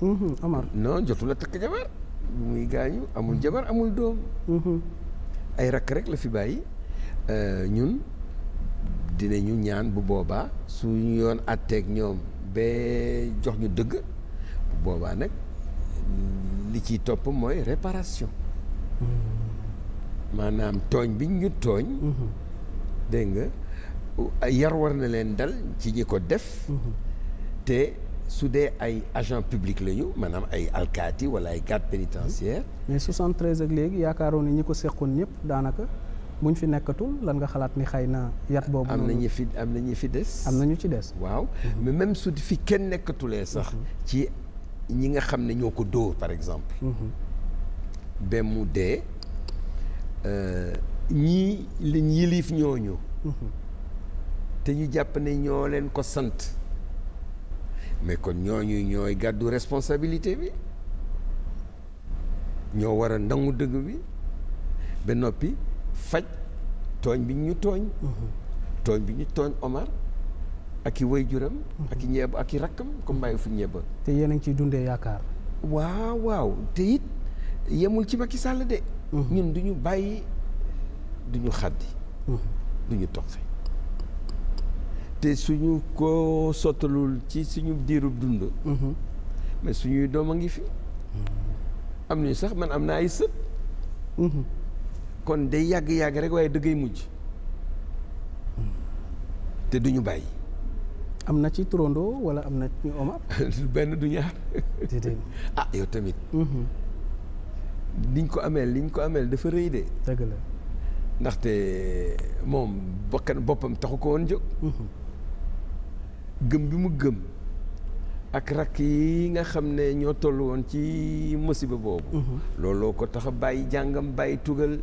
Omar non jotul a takk jabar muy gaañu amul jabar amul doom mm-hmm. ay rakk rek la fi bàyyi euh, ñun dina ñu ñaan bu boobaa suñu yoon àtteeg ñoom ba jox ñu dëgg bu boobaa nag li ciy topp mooy réparation maanaam tooñ bi ñu tooñ dégg nga yar war na leen dal ci ñi ko def te su dee ay agent public lañu maanaam ay alkaati wala ay garde pénitentiaire mais 73 ak léegi yaakaaroon ni ñi ko seqoon ñëpp daanaka buñ fi nekkatul lan nga xalaat ni xëy na yat boobu. am na fi am na ñu fi des. am na ñu ci des. waaw mhm. mais même su fi kenn nekkatulee sax. Mhm. ci ñi nga xam ne ñoo ko dóor par exemple. ba mhm. mu dee euh, ñii li liñ yilif ñooñu. te ñu jàpp ne ñoo leen ko sant. mais kon ñooñu ñooy gàddu responsabilité bi ñoo war a ndangu dëgg bi ba noppi. faj tooñ bi ñu tooñ mhm. tooñ bi ñu tooñ Omar ak i waajuram mhm. ak i ñeeb ak i rakkam comme bàyyi fu ñeeba te yéen a ngi ciy dundee yaakaar waaw waaw te yemul ci Macky Sall de mhm. ñun du ñu bàyyi du ñu xaddi du ñu toqi te suñu ko sottalul ci suñu diiru dund mais suñuy doom a ngi fi am nañu sax man am na ay sët kon day yàgg-yàgg rek waaye dëggay mujj te duñu bàyyi am na ci turandoo wala am na ñu Omar benn du ñaar ah yow tamit mhm. liñ ko amee liñ ko ameel dafa rëy de dëgg ndaxte moom bokkan boppam taxu ko woon jóg mhm. gëm bi mu gëm ak rakk yi nga xam ne ñoo toll woon ci musiba boobu mhm. looloo ko tax a bàyyi jàngam bàyyi tugal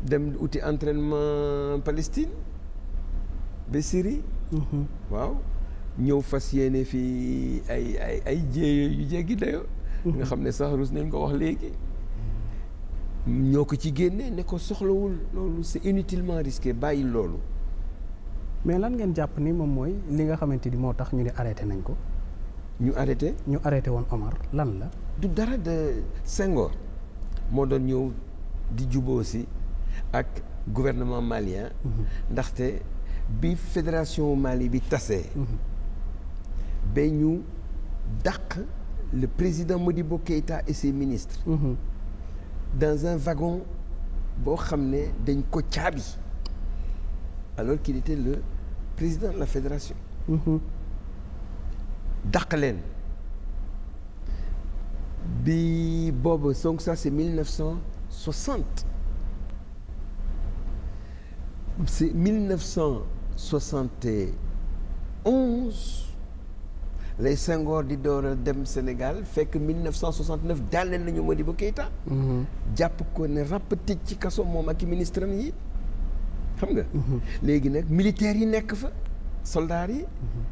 dem uti entraînement Palestine ba Syrie mhm. waaw ñëw fas yéene fii ay ay ay jéeyo yu jéggi dayoo mhm. nga xam ne sax rus nañ ko wax léegi ñoo ko ci génne ne ko soxlawul loolu c'est inutilement risqué bàyyi loolu mais lan ngeen jàpp ni moom mooy li nga xamante ni moo tax ñu ne arrêté nañ ko ñu arrêté ñu arrêté woon Omar lan la du dara de Senghor moo doon ñëw di juboo si ak gouvernement malien ndaxte bi fédération Mali bi tasee ba ñu dàq le président Modibo Keïta et ses ministres dans un wagon boo xam ne dañ ko caabi alors qu'il était le président de la fédération dàq leen bi boobu donc ça c'est mille c'est 1971 lay Senghor di door a dem Sénégal fekk 1969 daaneel nañu Modibo Keïta. Mhm. jàpp ko ne ràpp tëj ci kaso moom ak ministre yi xam nga. Mhm. léegi nag militaires yi nekk fa soldats yi. Mhm.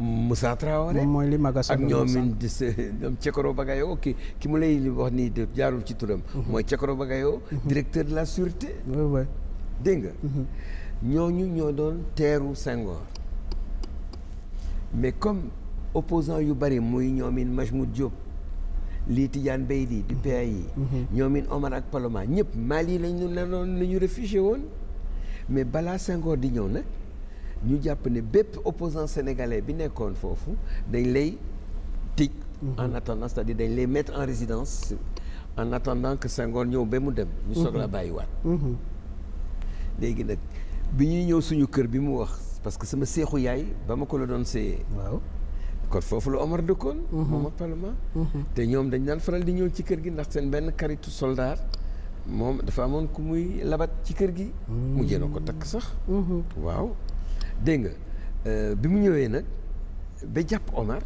Moussa Traoré moom li Magasol ak ñoom di se Cekoro Bagayoo ki ki mu lay wax nii jaarul ci turam. mooy Cekoro Bagayoo. directeur de la sûreté. dégg nga. Mhm. ñooñu ñoo doon teeru Senghor mais comme opposant yu bari muy ñoom it Majmout Diop lii Tidiane Beydi du mhm. PAI. Mhm. ñoom it Omar ak Paloma ñëpp Mali lañu la doon la ñu réfugié woon mais balaa Senghor di ñëw nag ñu jàpp ne bépp opposant sénégalais bi nekkoon foofu dañ lay tij. en attendant cest dañ lay mettre en résidence en attendant que Senghor ñëw ba mu dem. ñu soog la bàyyiwaat. léegi nag bi ñuy ñëw suñu kër bi mu wax parce que sama seexu yaay ba ma ko la doon seeyee. waaw kon foofu la Omar dëkkoon. Mhm. Omar Palma. Mhm. te ñoom dañu daan faral di ñëw ci kër gi ndax seen benn karitu soldat moom dafa amoon ku muy labat ci kër gi. Mhm. mu jënoo ko takk sax. waaw dégg nga euh, bi mu ñëwee nag ba jàpp Omar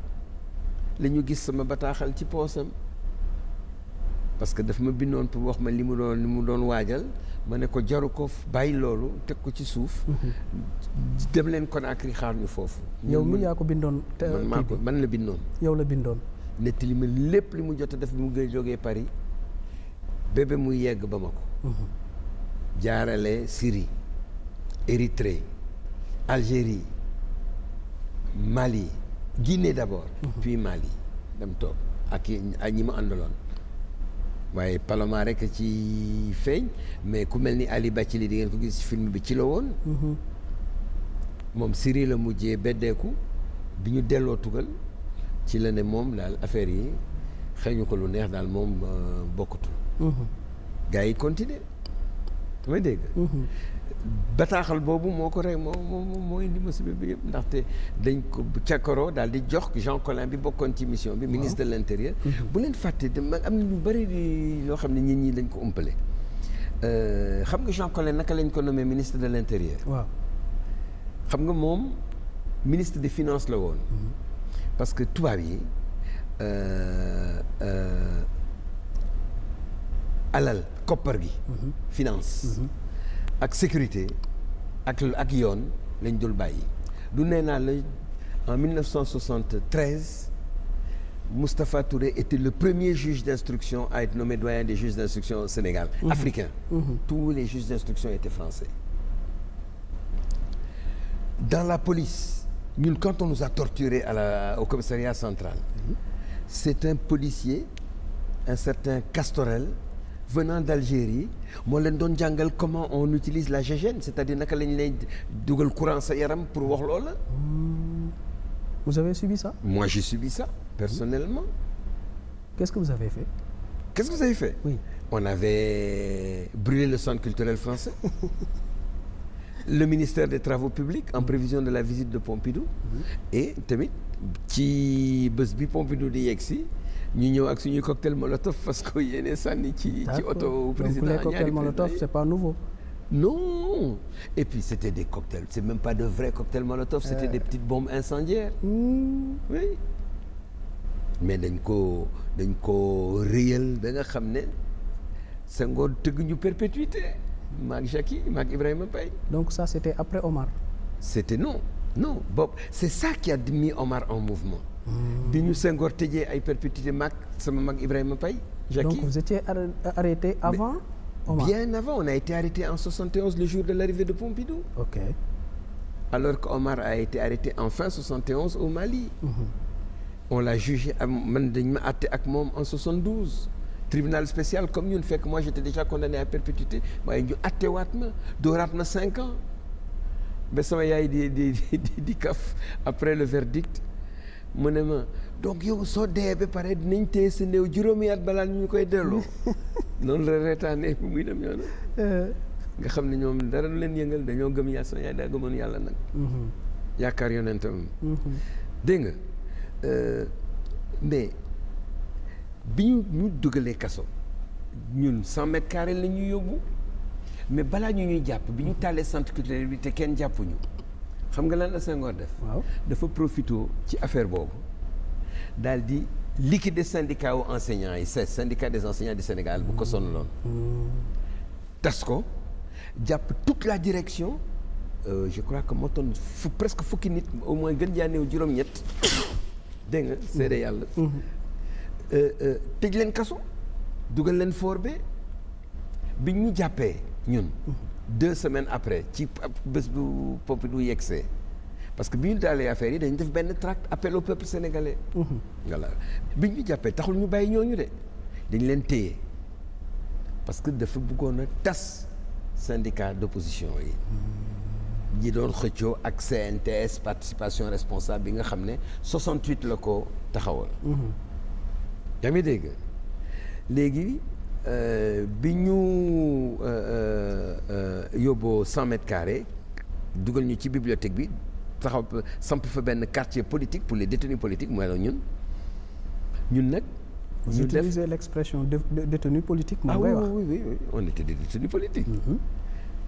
la gis sama bataaxal ci poosam parce que daf ma bindoon pour wax ma li mu doon li mu doon waajal. ma ne ko jaru ko bàyyi loolu teg ko ci suuf. Mhm. dem leen Conakry xaar ñu foofu. yow mi yaa ko bindoon. te man maa ko la bindoon. yow la bindoon. nettali ma lépp li mu jot a def bi mu gën jógee Paris bébé mu yegg ba ma ko. Mhm. jaarale Syrie Érythrée Algérie Mali Guinée d'abord. Mhm. puis Mali dem toog ak ñi mu àndaloon. waaye Paloma rek ci feeñ mais ku mel ni Ali Bathily di ngeen ko gis film bi ci la woon mhm. moom Syrie la mujjee beddeeku bi ñu delloo tugal ci la ne moom daal affaire yi xëy ñu ko lu neex daal moom euh, bokkatul mhm. gars yi continuer damay dégg mhm. bataaxal boobu moo ko rek moo moo moo indi si bi yëpp ndaxte dañ ko càkkaroo daal di jox Jean Collin bi bokkoon ci mission bi ministre de l'intérieur mhm. bu leen fàtte de mag am na ñu bëri di loo xam ne nit ñi dañ ko umpale euh, xam nga Jean Collin naka lañ ko nommé ministre de l'intérieur waaw xam nga moom ministre des finance la woon mhm. parce que tubaab yi euh, euh, alal koppar gi mhm. finance ak sécurité ak ak yoon lañ dul bàyyi du nee naa la en 1973 Moustapha Touré était le premier juge d'instruction à être nommé doyen des juges d'instruction au Sénégal mmh. africain mmh. tous les juges d'instruction étaient français dans la police ñun quand on nous a torturés à la au commissariat central mmh. c'est un policier un certain Castorel venant d'Algérie moo leen doon jàngal comment on utilise la GIGN c'est-à-dire naka lañ lay dugal courant yaram pour wax loola. Hmm. vous avez subi ça. moi j'ai subi ça personnellement. qu'est-ce que vous avez fait. qu'est-ce que vous avez fait. oui on avait brûlé le centre culturel français. le ministère des travaux publics en prévision de la visite de Pompidou. Mm-hmm. et tamit ci bés bi Pompidou di yegg si. ñu ñëw ak suñuy cocktail molotov parce que yéene sànni ci ci oto président donc les cocktails molotov c'est pas nouveau non et puis c'était des cocktails c'est même pas de vrais cocktails molotov c'était euh... des petites bombes incendiaires hmm. mais dañ ko dañ ko réyal danga xam ne Senghor tëgg ñu perpétuité maag Jackie maag Ibrahima Paye donc ça c'était après Omar c'était non non Bob c'est ça qui a mis Omar en mouvement Mmh. bi ñu Senghor tëjee ay perpétuité mag sama mag Ibrahima Paye Jackie donc vous étiez arrêté avant Omar bien avant on a été arrêté en le jour de l'arrivée de Pompidou ok alors que Omar a été arrêté en fin 71 au Mali mm -hmm. on l'a jugé am man dañ ma àtte ak moom en 72 tribunal spécial comme ñun fekk moi j'étais déjà condamné à perpétuité waaye ñu àtte waat ma dooraat ma cinq ans ba sama yaay di di di di kaf après le verdict mu ne ma donc yow soo dee ba pare dinañ téye sa néew juróomi at balaa ñu koy delloo noonu la reetaanee bu muy dem yoon euh. nga xam ne ñoom dara du leen yëngal dañoo gëm yaa sama yaay daa gëmoon yàlla nag mm-hmm. yaakaar yonentam mm-hmm. dégg nga euh, mais bi ñu dugalee kaso ñun cent mètres carrés la ñuy yóbbu mais balaa ñu ñuy jàpp bi ñu taalee centre culturel bi te kenn jàppuñu xam nga lan la Senghor def. waaw dafa profito ci affaire boobu daal di liquider syndicat wu enseignants yi CES syndicat des enseignants du Sénégal bu ko mm. sonaloon. Mm. tas ko jàpp toute la direction euh, je crois que moton fu presque fukki nit au moins gën jaa néew juróom-ñett dégg nga mm. seede yàlla. Euh, euh, tëj leen kaso dugal leen foor be bi ñu jàppee ñun. deux semaines après ci bés bu Pompidou yegsee parce que bi ñu daalee affaire yi dañu def benn tract appel au peuple sénégalais. Mhm. voilà bi ñu jàppee taxul ñu bàyyi ñooñu de dañ leen téye parce que dafa bëggoon a tas syndicat d'opposition yi. ñi doon xëccoo ak CNTS participation responsable bi nga xam ne 68 la ko taxawal. Mhm. yaa ngi dégg léegi. Euh, bi ñu euh, euh, yóbboo cent mètres carrés dugal ñu ci bibliothèque bi taxaw samp fa benn quartier politique pour les détenus politiques mooy la ñun ñun nag. ñu def utilisez l'expression détenu politique. moo ah koy wax ah oui oui on était des détenus politiques. Mm-hmm.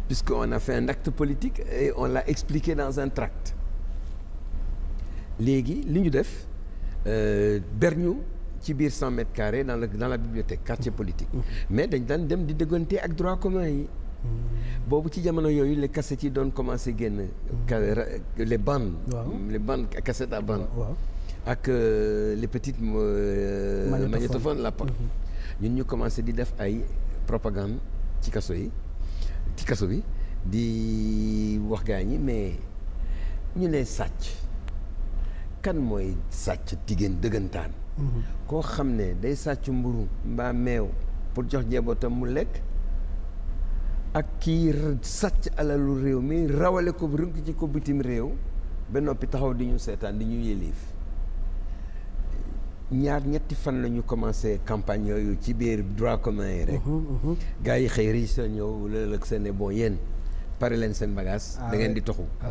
puisque on a fait un acte politique et on l'a expliqué dans un tract léegi li ñu def berñu. ci biir cent mètres carrés dans la dans la bibliothèque quartier politique. Mm-hmm. mais dañ daan dem di dëggante ak droit commun yi. Mm-hmm. boobu ci jamono yooyu le cassettes yi doon commencé génn. Mm-hmm. les bandes. les bandes cassettes à bande. ak euh, les petites. Euh, magnétophones la PAC. ñu commencé di def ay propagande ci kaso yi ci kaso bi di wax gaa yi mais ñu ne sàcc kan mooy sàcc jigéen dëggantaan. koo xam ne day sàcc mburu mbaa meew pour jox njabootam mu lekk ak kii sàcc alalu réew mi rawale ko rënk ci ko bitim réew ba noppi taxaw di ñu seetaan di ñu yëliif ñaar ñetti fan la ñu commencé campagne yooyu ci biir droit commun rek. Mhm, mhm. gars yi xëy riche la ñëw lëlëg seen ne bon pare leen seen bagage. Ah da di toxu. Ah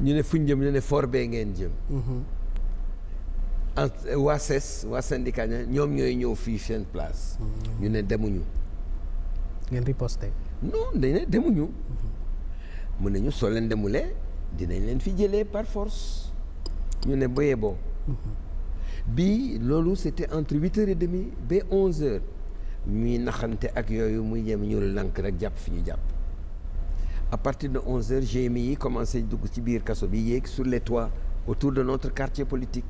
ñu ne fuñ jëm ñu ne forbee ngeen jëm. Mhm. en waa CES waa ñoom ñooy ñëw fii seen place. Mm-hmm. ñu ne demuñu. ngeen riposté. non dañ ne demuñu. mun mm-hmm. nañu soo leen demulee dinañ leen fi jëlee par force ñu ne ba yeboo. Mm-hmm. bii loolu c'était entre huit heures et demie ba onze heures ñuy naxante ak yooyu muy jéem ñu lank rek jàpp fi ñu jàpp. à partir de onze heures GMI yi commencé dugg ci biir kaso bi yéeg sur les toits autour de notre quartier politique.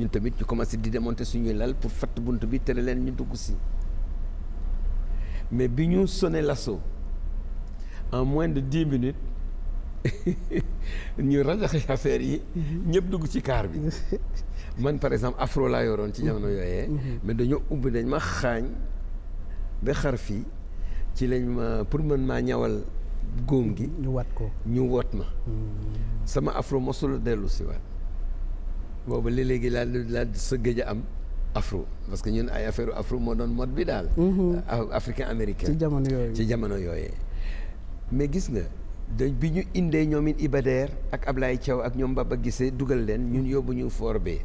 ñun tamit ñu commencé di démonter suñuy lal pour fat bunt bi tere leen ñu dugg si mais bi ñu sonné l'assaut en moins de dix minutes ñu rajaxe affaire yi ñëpp dugg ci kaar bi man par exemple afro laa yoroon ci jamono yooyee mais dañoo ubbi dañ ma xaañ ba xar fii ci lañ ma pour mën maa ñawal góom gi ñu wat ko ñu woot ma sama afro mosul dellu si boobu li léegi laa laa sa gëj am afro parce que ñun ay affaire afro moo doon mode bi daal. Mhm. Ah, africain américain ci jamono yooyu ci jamono yooyu. mais gis nga da bi ñu indee ñoom it Ibader ak Ablaye Thiaw ak ñoom Baba Gisee dugal leen ñun yóbbu ñu for bee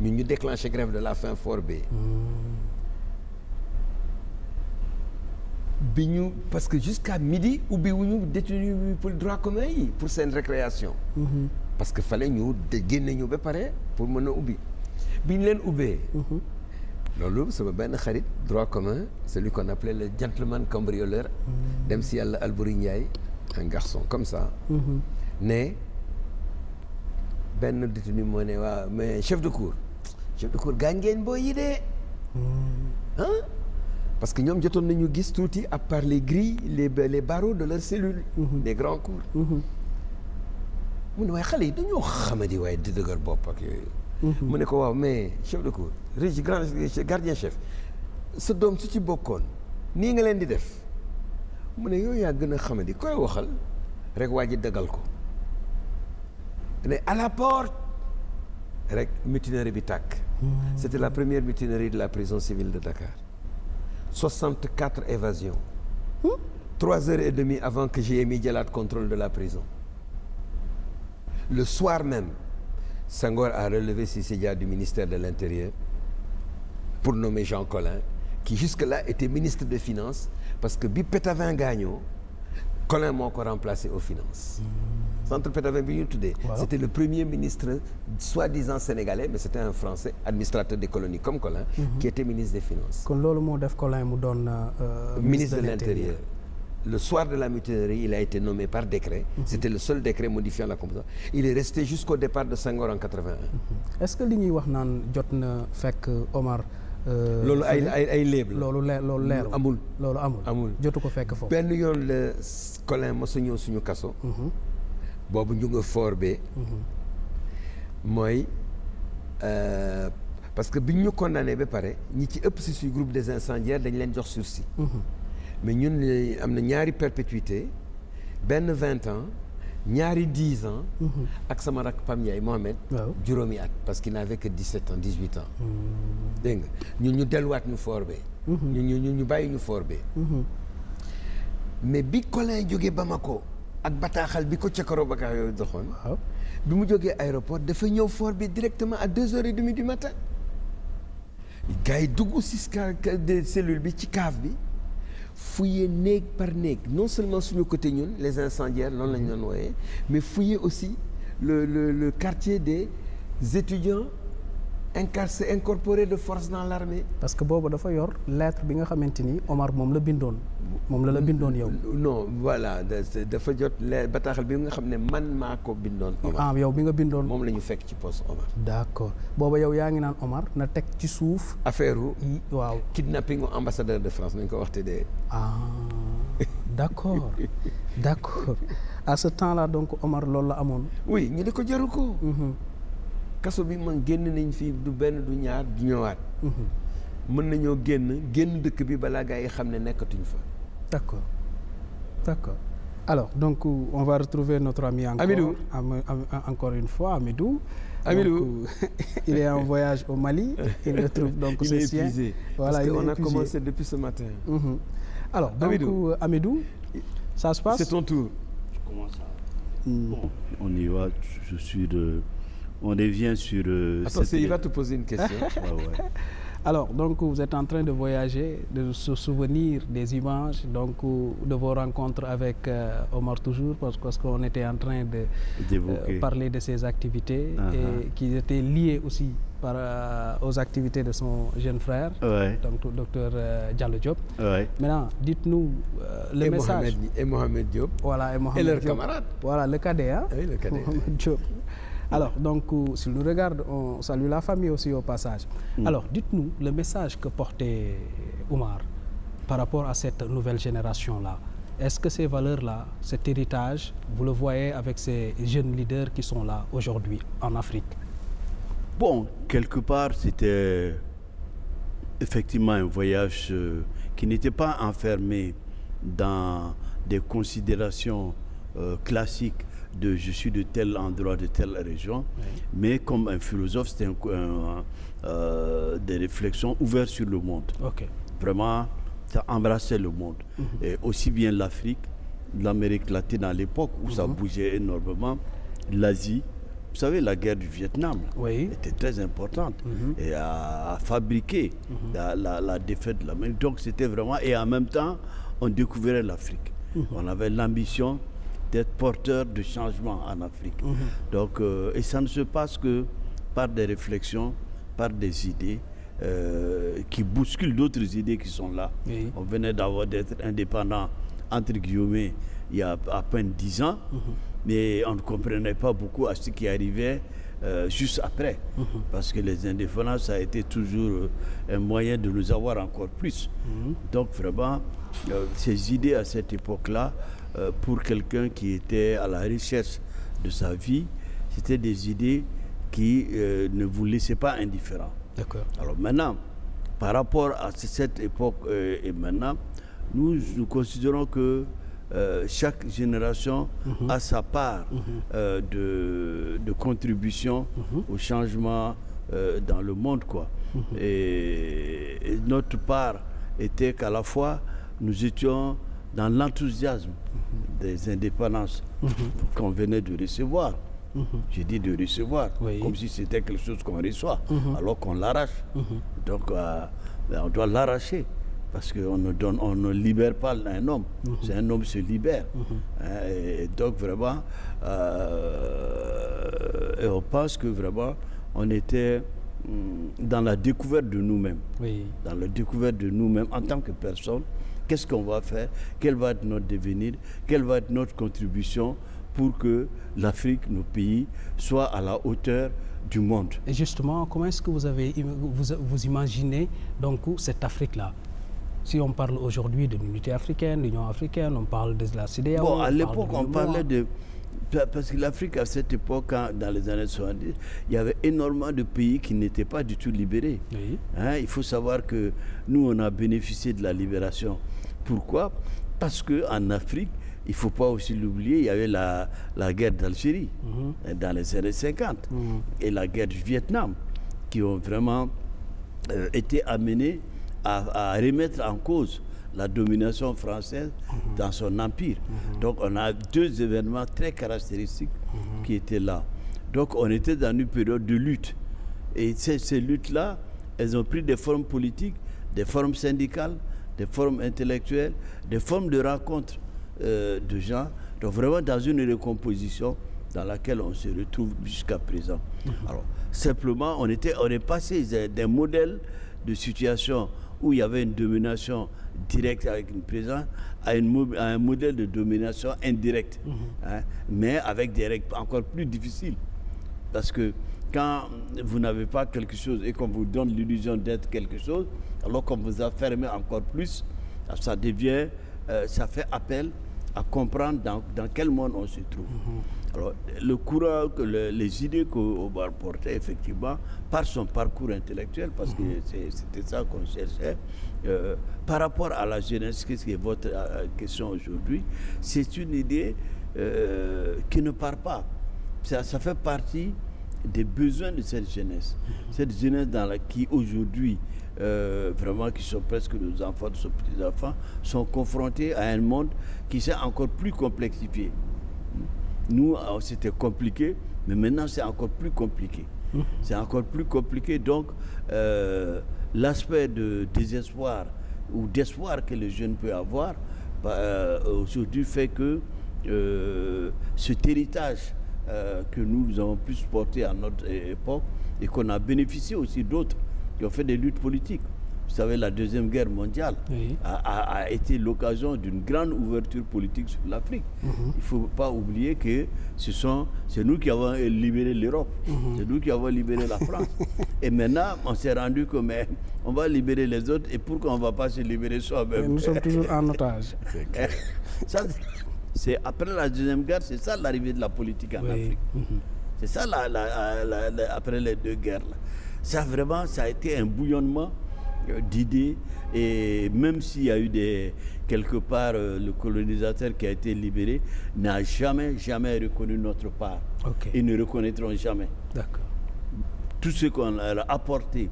ñun ñu déclenché grève de la faim for bee. Mhm. bi ñu parce que jusqu'à midi ubbi wu ñu détenu pour droit commun yi pour seen récréation. Mhm. parce que fallait ñu de génne ñu ba pare pour mën a ubbi bi ñu leen ubbee. Mhm. loolu sama benn xarit droit commun celui qu'on appelait le gentleman cambrioleur. Mhm. dem si yàlla Albouri Ndiaye un garçon comme ça. Mhm. ne benn détenu moo ne waa mais chef de cour. chef de cour gaañ ngeen boo yi parce que ñoom jotoon nañu gis tuuti à part les grilles les les barreaux de leur cellule. des grands cours. mu ne waaye xale yi dañoo xamadi waaye di dëgër boppa ak mhm. mu ne ko waaw mais chef de cour régi grand gardien chef sa doom su ci bokkoon nii nga leen di def mu ne yooyu yaa gën a xamadi koy waxal rek waa ji dagal ko ne à la porte rek mutinerie bi tàkk. Hmm. c'était la première mutinerie de la prison civile de Dakar. quatre évasions. 3 hmm? heures et demie avant que j'aie mis jëlaat contrôle de la prison. le soir même Senghor a relevé Cissé Dia du ministère de l'Intérieur pour nommer Jean Collin qui jusque-là était ministre de finance parce que bi Pétavin gaañoo Collin moo ko remplacé aux finances centre Pétavin bi ñu tuddee c'était le premier ministre soi-disant sénégalais mais c'était un français administrateur des colonies comme Collin mhm. qui était ministre des Finances kon loolu moo def Collin mu doon euh, ministre de l'Intérieur le soir de la mutinerie il a été nommé par décret mm -hmm. c'était le seul décret modifiant la composition il est resté jusqu'au départ de Senghor en 81 mm -hmm. est-ce que li ñuy wax naan jot na fekk Omar euh, loolu ay ay ay léeb la loolu leer loolu leer amul loolu amul amul jotu ko fekk foofu benn yoon la Colin ma sa ñëw suñu kaso mhm. boobu ñu nga foor bee mhm. mooy euh, parce que biñ ñu condamné ba pare ñi ci ëpp si suñu groupe des incendiaires dañ leen jox sursis mhm. mais ñun am na ñaari perpétuité benn vingt ans ñaari dix ans. Mhm. ak sama rak Pam Ndiaye Mohamed. waaw juróomi at parce que n'avait que dix sept ans dix huit ans. Mhm. dégg nga ñun ñu delluwaat ñu foor be mhm. ñu ñu ñu bàyyi ñu forbe. mais bi Colin jógee Bamako ak bataaxal bi ko Cekoro Bakar yooyu doxoon. waaw bi mu jógee aéroport dafa ñëw for bi directement à deux heures et demie du matin. gars yi dugg si cellule bi ci cave bi. fouiller néeg par néeg non seulement suñu côté ñun les incendiaires loolu lañ doon wooyee mais fouiller aussi le le le quartier des étudiants incarcé incorporé de force dans l'armée parce que boobu dafa yor lettre bi nga xamante ni Omar moom la bindoon moom la la bindoon yow. non voilà dafa jot lettre bataaxal bi nga xam ne man maa ko bindoon. Omar ah yow bi nga bindoon. moom la ñu fekk ci poste Omar. d'accord booba yow yaa ngi naan Omar na teg ci suuf. affaire mm, waaw kidnapping ambassadeur de France nañ ko waxte dee. ah d'accord d'accord à ce temps-là donc Omar loolu la amoon. oui ñu ne ko jaru ko. Mm-hmm. kaso bi man génn nañ fi du benn du ñaar du ñëwaat. Mhm. mën nañoo génn génn dëkk bi balaa gaa xam ne nekkatuñ fa. d' accord alors donc on va retrouver notre ami. encore Amidou encore une fois Amidou. Amidou il est en voyage au Mali. il retrouve donc il est épuisé il est épuisé mhm. se passe. c'est ton tour. on revient sur. Euh, Attends, cette... Alors, donc, vous êtes en train de voyager, de souvenir des images, donc, de vos rencontres avec euh, Omar Toujours, parce, parce qu'on était en train de euh, parler de ses activités ah, ah. et qui étaient liées aussi par, euh, activités de son jeune frère, donc le docteur euh, Diallo Diop. Ouais. Maintenant, dites-nous euh, le message. et Mohamed Diop. Voilà, et Mohamed Et leurs cadet, hein? Ah oui, Mm. alors donc euh, si nous regarde on salue la famille aussi au passage mm. alors dites-nous le message que portait Oumar par rapport à cette nouvelle génération là est-ce que ces valeurs là cet héritage vous le voyez avec ces jeunes leaders qui sont là aujourd'hui en Afrique bon quelque part c'était effectivement un voyage euh, qui n'était pas enfermé dans des considérations euh, classiques de je suis de tel endroit, de telle région, oui. mais comme un philosophe, c'est un, un euh, des réflexions ouvertes sur le monde. Okay. Vraiment, ça embrassait le monde. Mm -hmm. Et aussi bien l'Afrique, l'Amérique latine à l'époque, où mm -hmm. ça mhm. bougeait énormément, l'Asie. Vous savez, la guerre du Vietnam oui. était très importante mm -hmm. et a, fabriqué mhm. la, la, la, défaite de l'Amérique. Donc c'était vraiment... Et en même temps, on découvrait l'Afrique. Mhm. On avait l'ambition d'être porteur de changement en Afrique. Mm -hmm. Donc, euh, et ça ne se passe que par des réflexions, par des idées euh, qui bousculent d'autres idées qui sont là. Oui. On venait d'avoir d'être indépendant, entre guillemets, il y a à peine dix ans, mm-hmm. mais on ne comprenait pas beaucoup à ce qui arrivait. Euh, juste après, mm-hmm. parce que les indépendances, ça a été toujours euh, un moyen de nous avoir encore plus. Mm-hmm. Donc vraiment, ces idées à cette époque-là, Euh, pour quelqu'un qui était à la richesse de sa vie, c'était des idées qui euh, ne vous laissaient pas indifférent. D'accord. Alors maintenant, par rapport à cette époque euh, et maintenant, nous, nous considérons que euh, chaque génération mm -hmm. a sa part mm -hmm. de, de, contribution mm -hmm. au changement euh, dans le monde. Quoi. Mhm. Et, et, notre part était qu'à la fois, nous étions dans l'enthousiasme des indépendances mm-hmm. qu'on venait de recevoir. Mm-hmm. J'ai dit de recevoir, comme si c'était quelque chose qu'on reçoit, mm-hmm. alors qu'on l'arrache. Donc, euh, on doit l'arracher parce qu'on on ne libère pas un homme, se libère. et donc vraiment, euh, et on pense que vraiment, on était dans la découverte de nous-mêmes, dans la découverte de nous-mêmes en tant que personne, qu'est-ce qu'on va faire Quel va être notre devenir Quelle va être notre contribution pour que l'Afrique, nos pays, soient à la hauteur du monde Et justement, comment est-ce que vous, avez, vous, vous imaginez donc, cette Afrique-là si on parle aujourd'hui de l'unité africaine, l'Union africaine, on parle de la CDAO. Bon, à l'époque, on, on parlait de, Parce que l'Afrique, à cette époque, dans les années il y avait énormément de pays qui n'étaient pas du tout libérés. il faut savoir que nous, on a bénéficié de la libération. Pourquoi Parce qu'en Afrique, il ne faut pas aussi l'oublier, il y avait la, guerre d'Algérie mhm. dans les années mhm. et la guerre du Vietnam qui ont vraiment euh, été amenés à remettre en cause la domination française mmh. dans son empire. Mmh. Donc on a deux événements très caractéristiques mmh. qui étaient là. Donc on était dans une période de lutte. Et ces, ces luttes-là, elles ont pris des formes politiques, des formes syndicales, des formes intellectuelles, des formes de rencontres euh, de gens. Donc vraiment dans une recomposition dans laquelle on se retrouve jusqu'à présent. Mhm. Alors simplement, on, était, on est passé d'un modèle de situation où il y avait une domination directe avec une présence, à, une, à un modèle de domination indirecte, mm -hmm. hein, mais avec des règles encore plus difficiles. Parce que quand vous n'avez pas quelque chose et qu'on vous donne l'illusion d'être quelque chose, alors qu'on vous a fermé encore plus, ah, ça devient, euh, ça fait appel à comprendre dans, dans quel monde on se trouve. Mm -hmm. Alors, le courant, que le, les idées qu'Omar portait, effectivement, par son parcours intellectuel, parce que mhm. c'était ça qu'on cherchait, euh, par rapport à la jeunesse, qu'est-ce qui est votre euh, question aujourd'hui, c'est une idée euh, qui ne part pas. Ça, ça, fait partie des besoins de cette jeunesse. Mhm. Cette jeunesse dans la, qui aujourd'hui euh, vraiment qui sont presque nos enfants, nos petits-enfants, sont confrontés à un monde qui s'est encore plus complexifié. nous, oh, c'était compliqué, mais maintenant, c'est encore plus compliqué. Mmh. C'est encore plus compliqué. Donc, euh, l'aspect de désespoir ou d'espoir que le jeune peut avoir bah, euh, aujourd'hui fait que euh, cet héritage euh, que nous avons pu porter à notre époque et qu'on a bénéficié aussi d'autres qui ont fait des luttes politiques. Vous savez, la Deuxième Guerre mondiale oui. a, a, a, été l'occasion d'une grande ouverture politique sur l'Afrique. Mhm. Il faut pas oublier que c'est nous qui avons libéré l'Europe, mhm. c'est nous qui avons libéré la France. et maintenant, on s'est rendu que mais, on va libérer les autres et pourquoi on va pas se libérer soi-même Nous sommes toujours en otage. c'est après la Deuxième Guerre, c'est ça l'arrivée de la politique en oui. Afrique. Mhm. C'est ça après les deux guerres. Là. Euh, d'idées et même s'il y a eu des quelque part euh, le colonisateur qui a été libéré n'a jamais jamais reconnu notre part. Okay. Ils ne reconnaîtront jamais. D'accord. Tout ce qu'on leur a apporté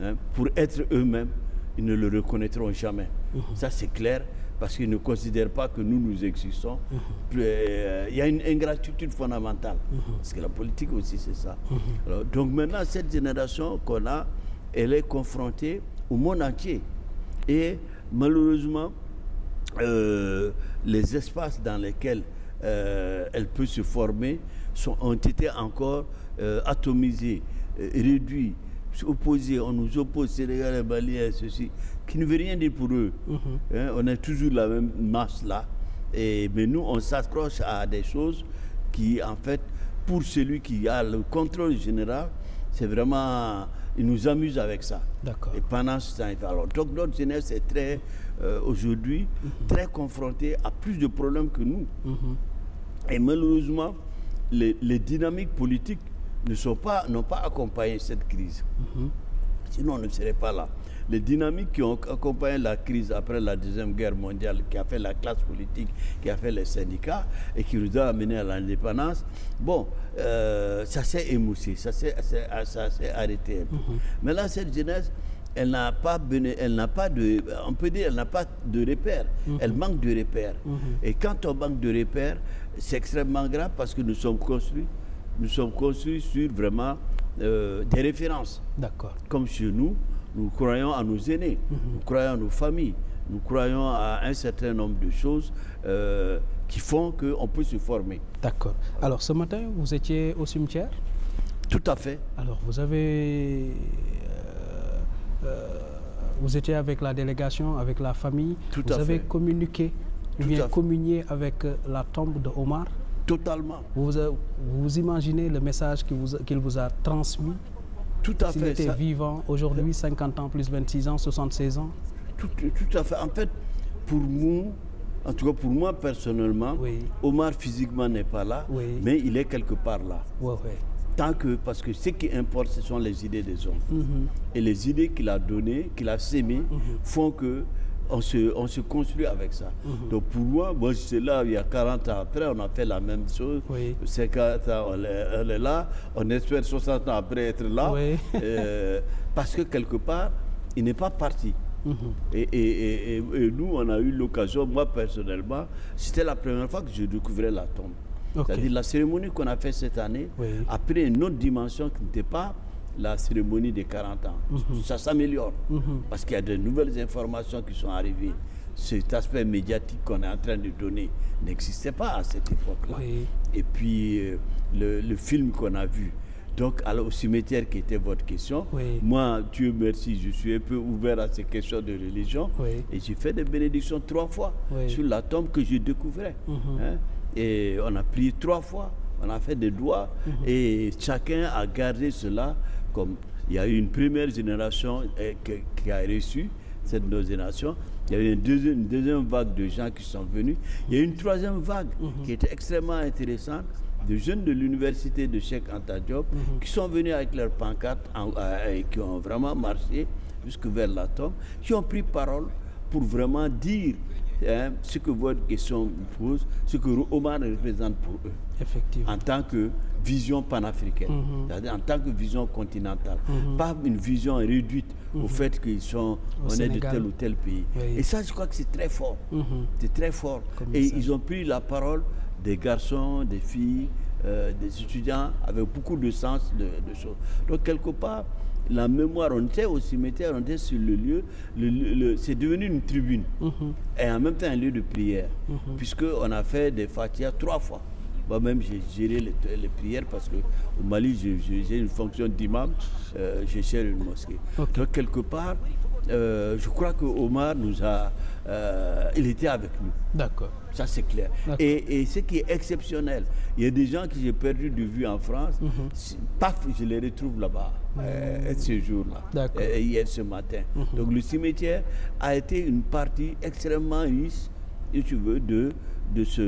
hein, pour être eux-mêmes, ils ne le reconnaîtront jamais. Mmh. Ça c'est clair parce qu'ils ne considèrent pas que nous, nous existons. Mhm. Euh, il mmh. euh, y a une ingratitude fondamentale. Mmh. Parce que la politique aussi, c'est ça. Mhm. Alors, donc maintenant, cette génération qu'on a, elle est confrontée au monde entier. Et malheureusement, euh, les espaces dans lesquels euh, elle peut se former sont, ont été encore euh, atomisés, euh, réduits, opposés. On nous oppose, Sénégal, Mali, ceci, qui ne veut rien dire pour eux. Mm -hmm. hein, on a toujours la même masse là. Et, mais nous, on s'accroche à des choses qui, en fait, pour celui qui a le contrôle général, c'est vraiment Ils nous amusent avec ça. Et pendant ce temps, alors, donc notre jeunesse est très, euh, aujourd'hui, mm -hmm. très confrontée à plus de problèmes que nous. Mm -hmm. Et malheureusement, les, les, dynamiques politiques ne sont pas, n'ont pas accompagné cette crise. Mm -hmm. Sinon, on ne serait pas là. les dynamiques qui ont accompagné la crise après la Deuxième Guerre mondiale, qui a fait la classe politique, qui a fait les syndicats et qui nous a amenés à l'indépendance, bon, euh, ça s'est émoussé, ça s'est arrêté un mhm. Mais là, cette jeunesse, elle n'a pas, de, on peut dire, elle n'a pas de repères. Mhm. Elle manque de repères. Mhm. c'est extrêmement grave parce que nous sommes construits, nous sommes construits sur vraiment euh, des références. D'accord. Comme chez nous, Nous croyons à nos aînés, mmh. nous croyons à nos familles, nous croyons à un certain nombre de choses euh, qui font qu'on peut se former. D'accord. Alors ce matin, vous étiez au cimetière Tout à fait. Alors vous avez... Euh, euh, vous étiez avec la délégation, avec la famille. Tout vous à avez fait. communiqué, vous avez communié avec euh, la tombe de Omar. Totalement. Vous, euh, vous imaginez le message qu'il vous, qu vous a transmis tout à S'il fait était ça... vivant aujourd'hui 50 euh, ans à fait en pour nous en tout cas pour moi personnellement. Oui. Omar physiquement n'est pas là. que parce que ce qui importe ce les idées mm-hmm. les idées a on se, on se construit avec ça. Mhm. Donc pour moi, moi j'étais là il y a 40 ans après, on a fait la même chose. Oui. ans, on espère ans après être là. Euh, parce que quelque part, il n'est pas parti. Mhm. Et, nous, on a eu l'occasion, moi personnellement, c'était la première fois que je découvrais la tombe. C'est-à-dire la cérémonie qu'on a faite cette année a pris une autre dimension qui n'était pas la cérémonie des 40 ans. Mmh. Ça s'améliore mmh. parce qu'il y a de nouvelles informations qui sont arrivées. Cet aspect médiatique qu'on est en train de donner n'existait pas à cette époque-là. Oui. Et puis euh, le, le, film qu'on a vu. Donc, alors, au cimetière qui était votre question, oui. moi, Dieu merci, je suis un peu ouvert à ces questions de religion. Oui. Et j'ai fait des bénédictions trois fois sur la tombe que je découvrais. Mmh. Hein? Et on a prié trois fois on a fait des doigts mm -hmm. et chacun a gardé cela comme il y a eu une première génération eh, qui a reçu cette nomination. Il y a eu une deuxième, une deuxième, vague de gens qui sont venus. Il y a eu une troisième vague mmh. qui était extrêmement intéressante de jeunes de l'université de Cheikh Anta Diop mmh. qui sont venus avec leurs pancartes en, euh, et qui ont vraiment marché jusque vers la tombe, qui ont pris parole pour vraiment dire hein, ce que votre question vous pose, ce que Omar représente pour eux. Effectivement. En tant que vision panafricaine, mhm. c'est-à-dire en tant que vision continentale, mhm. pas une vision réduite au mhm. fait qu'ils sont, au de tel ou tel pays. Et ça, je crois que c'est très fort, Et ils ont pris la parole des garçons, des filles, euh, des étudiants avec beaucoup de sens de, choses. Donc quelque part, la mémoire, on était au cimetière, sur le lieu, c'est devenu une tribune et en même temps un lieu de prière, puisqu'on a fait des fatias trois fois. Moi-même, j'ai géré les, les, prières parce que au Mali, j'ai une fonction d'imam, euh, je gère une mosquée. Okay. Donc, quelque part, euh, je crois que Omar nous a. Euh, il était avec nous. D'accord. Ça, c'est clair. Et, et, ce qui est exceptionnel, il y a des gens que j'ai perdu de vue en France, mm -hmm. paf, je les retrouve là-bas, mm -hmm. euh, mhm. ce jour-là, euh, hier ce matin. Mm -hmm. Donc, le cimetière a été une partie extrêmement riche, si tu veux, de de ce,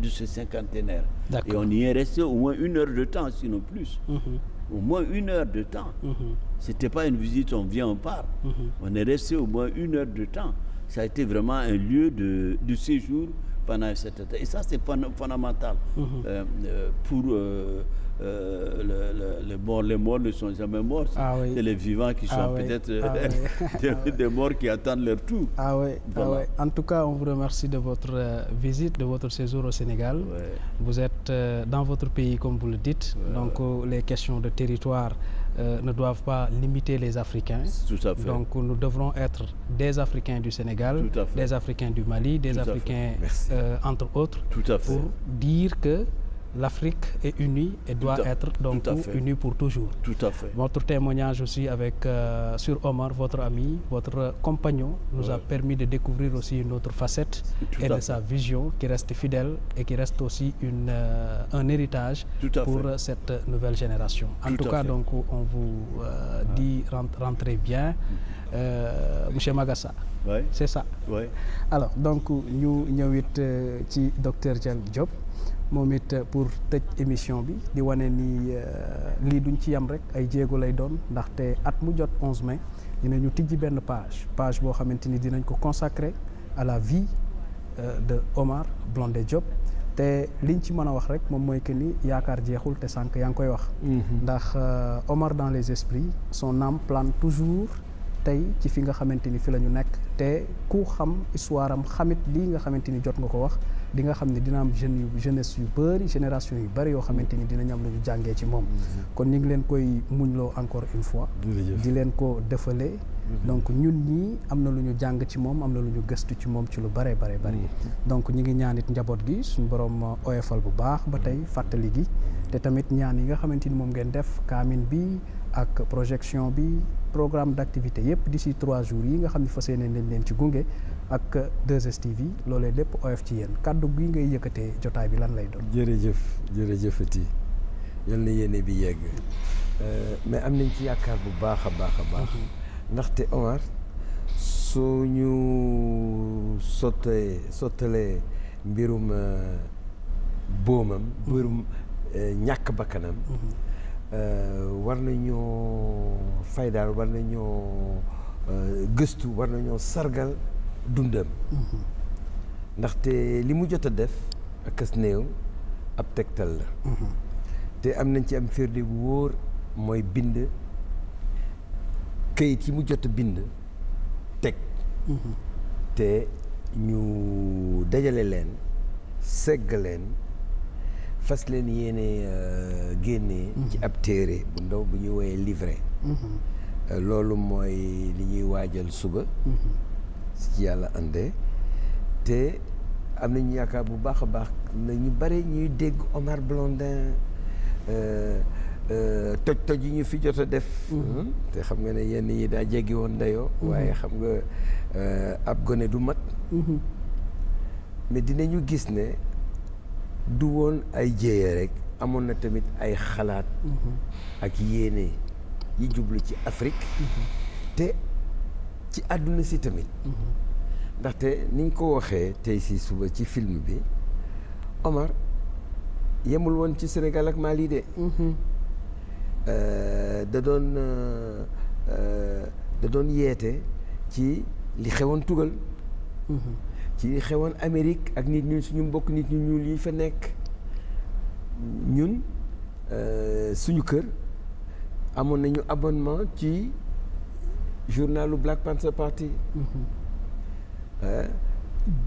de ce cinquantenaire. Et on y est resté au moins une heure de temps, sinon plus. Mm -hmm. Au moins une heure de temps. Mm -hmm. C'était pas une visite, on vient, on part. Mm -hmm. On est resté au moins une heure de temps. Ça a été vraiment un lieu de, de séjour pendant cette année. Et ça, c'est fondamental. Mm -hmm. euh, pour euh, euh, le, le, le mort. les morts ne sont jamais morts. Ah, oui. C'est les vivants qui sont ah, peut-être euh, ah, ah des, des, morts qui attendent leur tour. Ah oui. Ah voilà. oui. En tout cas, on vous remercie de votre euh, visite, de votre séjour au Sénégal. Ouais. Vous êtes dans votre pays, comme vous le dites. Ouais. Donc, les questions de territoire euh, ne doivent pas limiter les Africains. Tout à fait. Donc nous devrons être des Africains du Sénégal, des Africains du Mali, des Tout Africains euh, entre autres, Tout à fait. pour dire que l'Afrique est unie et doit à, être donc unie pour toujours. Tout à fait. Votre témoignage avec euh, sur Omar, votre ami, votre euh, compagnon, nous a permis de découvrir aussi une autre facette Tout et de fait. sa vision qui reste fidèle et qui reste aussi une, euh, un héritage pour fait. Euh, cette nouvelle génération. En tout, cas, fait. donc, on vous euh, dit rentrez bien. Mm-hmm. Monsieur Magassa. C'est ça. Ouais. Alors, donc, nous, nous ci docteur Diop. moom it euh, pour tëj émission bi di wane nii euh, lii duñ ci yam rek ay jéego lay doon ndaxte at mu jot 11 mai ñu tijji benn page page boo xamante ni dinañ ko consacrer à la vie euh, de Omar Blondin Diop te liñ ci mën a wax rek moom mooy que ni yaakaar jeexul te sànq yaa ngi koy wax. Mm-hmm. ndax Omar dans les esprits son âme plane toujours. tey ci fi nga xamante ni fi la ñu nekk te ku xam histoire am xamit lii nga xamante ni jot nga ko wax di nga xam ne dina am jeunes yu jeunesse yu bëri génération yu bëri yoo xamante ni dinañ am lu jàngee ci moom mm-hmm. kon ñu ngi leen koy muñloo encore une fois di leen ko defalee mm-hmm. donc ñun ñii am na lu ñu jàng ci moom am na lu ñu gëstu ci moom ci lu bare bare bari mm-hmm. donc ñu ngi ñaanit njaboot gi suñu borom oyofal bu baax ba tey fàttali gi te tamit ñaan yi nga xamante ni moom ngeen def kaamin bi ak projection bi programme d'activité di d'ici trois jours yi nga xam ne fas yéene nañ leen ci gunge ak 2STV loolee lépp oyof ci yéen kàddu gi ngay yëkkatee jotaay bi lan lay doon. jëf jërëjëf jërëjëfati yal na yéene bi yegg euh, mais am nañ ci yaakaar bu baax a baax a baax mhm. ndaxte Omar soo ñu sottee sottalee mbirum euh, boomam. Mhm. mbirum euh, ñàkk bakkanam mhm. war nañoo faydaal war na ñoo gëstu war nañoo sargal. dundam ndaxte li mu jot a def ak néew ab tegtal la te am nañ ci am firnde bu wóor mooy bind këyit yi mu jot a bind teg te ñu dajale leen segg leen fas leen yéene euh, génne ci ab téere bu ndaw bu ñuy woyee livret mhm. euh, loolu mooy li ñuy waajal suba mhm. su ci yàlla àndee te am nañu yaakaar bu baax a baax na ñu bare ñuy dégg Omar Blondin euh, euh, toj toj yi ñu fi jot a def mm-hmm. te xam nga ne yenn yi daa jéggi woon ndeyoo mm-hmm. waaye xam nga euh, ab gone du mat mm-hmm. mais ñu gis ne du woon ay jéeye rek amoon na tamit ay xalaat ak yéene yi jublu ci Afrique te ci àdduna si tamit mm-hmm. ndaxte niñ ko waxee tey si suba ci film bi Omar yemul woon ci Sénégal ak Mali de mm-hmm. euh, euh, euh, da doon yeete ci li xewoon tugal mm-hmm. ci li xewoon Amérique ak nit ñun suñu mbokk nit ñu ñuul yi fa nekk ñun suñu kër amoon nañu abonnement ci journalu Black Panther Party. Mm-hmm.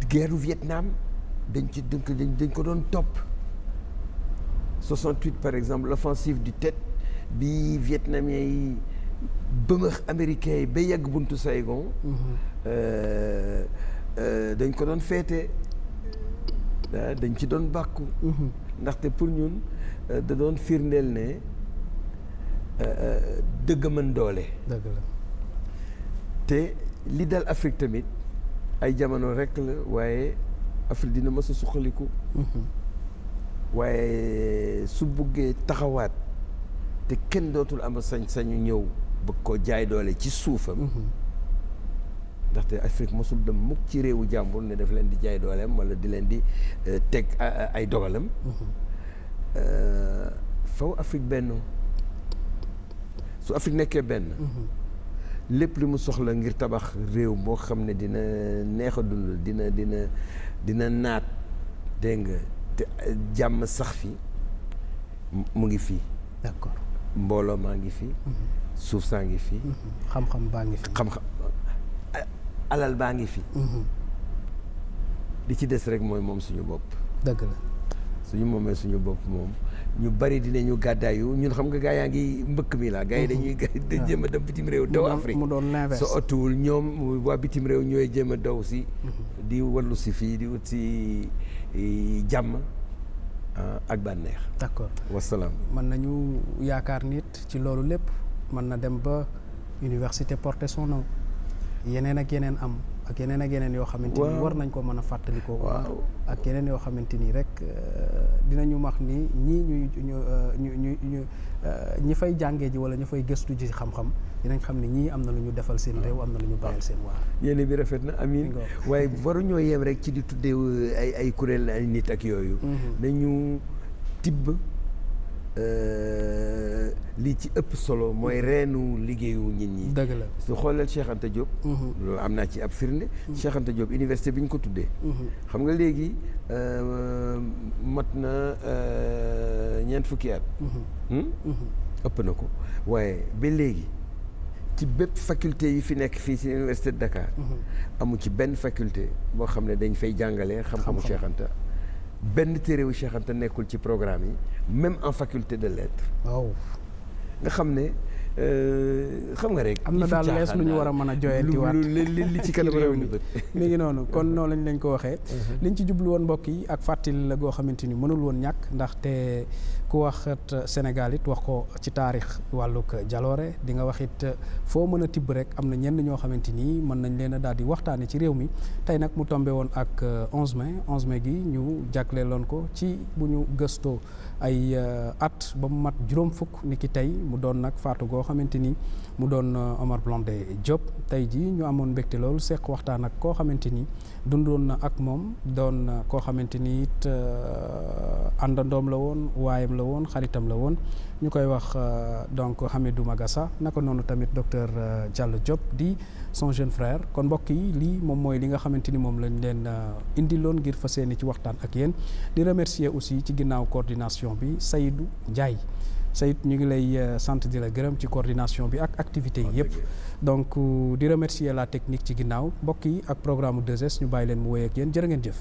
guerre u Vietnam dañ ci dënk dañ ko doon topp. 68 par exemple l'offensive du Tet bi vietnamien yi bëmëx américain ba yàgg buntu Saigon. Mm-hmm. Euh, euh, dañ ko doon féete dañ ci doon bàkku. Mm-hmm. ndaxte pour ñun euh, da doon firndeel ne dëgg mën doole. dëgg te li dal Afrique tamit ay jamono rek la waaye Afrique dina mës a suqaliku. Mhm. waaye su buggee taxawaat te kenn dootul am sañ-sañu ñëw bëgg ko jaay doole ci suufam. Mhm. ndaxte Afrique mosul dem mukk ci réewu jàmbur ne daf leen di jaay dooleem wala di leen di euh, teg ay dogalam. Mhm. Euh, faw Afrique benn su Afrique nekkee benn. lépp li mu soxla ngir tabax réew moo xam ne dina neex a dina dina dina naat dégg nga te jàmm sax fi mu ngi fii d'accord mbooloo maa ngi fii mm-hmm. suuf saa ngi fii mm-hmm. xam-xam baa ngi fi xam-xam alal baa ngi fi mm-hmm. li ci des rek mooy moom suñu bopp dëgg la suñu moomee suñu bopp moom ñu bari dinañu gàddaayu ñun xam nga gaa yaa ngi mbëkk mi la gaa yi dañuy mhm. jéem a dem bitim réew daw Afrique mu doon l'inverse soo ottuwul ñoom waa bitim réew ñooy jéem a daw si mhm. di wallu si fii di ut si e, jàmm ak bànneex d'accord wasalaam mën nañu yaakaar nit ci loolu lépp mën na dem ba université porter son nom yeneen ak yeneen am ak yeneen ak yeneen yoo xamante ni war nañ ko mën a fàttalikoo ak yeneen yoo xamante nii rek euh, dina ñu max ni ñii ñuy ñu ñu ñu ñu euh, ñi fay jàngee ji wala ñu fay gëstu ji xam-xam dinañ xam ne ñii am na lu ñu defal seen réew am na lu ñu bàyyil seen waar yéene bi rafet na amin waaye waruñoo yem rek ci di tuddee euh, ay ay kuréel ay nit ak yooyu nañu mm-hmm. tibb Euh, lii ci ëpp solo mooy reenu liggéeyu nit ñi. dëgg su xoolal Cheikh Anta Diop. Mhm. loolu am naa ci ab firnde. Mhm. Cheikh Anta Diop université bi ñu ko tuddee. Mhm. xam nga léegi euh, mat na euh, ñeent fukki at. Hmm? ëpp na ko waaye ba léegi ci bépp faculté yi fi nekk fii ci université de Dakar. amu ci benn faculté boo xam ne dañ fay jàngale xam-xamu Cheikh benn téerewu Cheikh Anta nekkul ci programme yi même en faculté de lettres waaw nga xam ne xam nga rek. am na daal lees lu ñu war a mën a joyantiwaat li ci kanam réew mi ngi noonu kon noonu lañ lañ ko waxee. Mhm. liñ ci jublu woon mbokk yi ak fàttali la goo xamante ni mënul woon ñàkk te ku waxat Sénégal it wax ko ci taarix wàllug jaloore di nga wax it foo mën a tibb rek am na ñenn ñoo xamante ni mën nañ leen a daal di waxtaane ci réew mi tey nag mu tombe woon ak 11 euh, mai 11 mai gi ñu jagleeloon ko ci bu ñu gëstoo. ay euh, at ba mu mat juróom fukk ni ki tey mu doon nag faatu goo xamante ni mu doon euh, Omar Blondin Diop tey ji ñu amoon mbégte loolu seq waxtaan ak koo xamante ni dundoon na ak moom doon koo xamante ni it euh, àndandoom la woon waayam la woon xaritam la woon ñu koy wax euh, donc Hamidou Magassa naka noonu tamit docteur euh, Diallo Diop di son jeune frère kon mbokk yi lii moom mooy li nga xamante ni moom lañ leen indiloon ngir fa yéene ci waxtaan ak yéen di remercier aussi ci ginnaaw coordination bi Seydou Ndiaye. Sayit ñu ngi lay euh, sant di la gërëm ci coordination bi ak activité yi yëpp donc euh, di remercier la technique ci ginnaaw mbokk yi ak programme 2S ñu bàyyi leen mu wéy ak yéen jërë ngeen jëf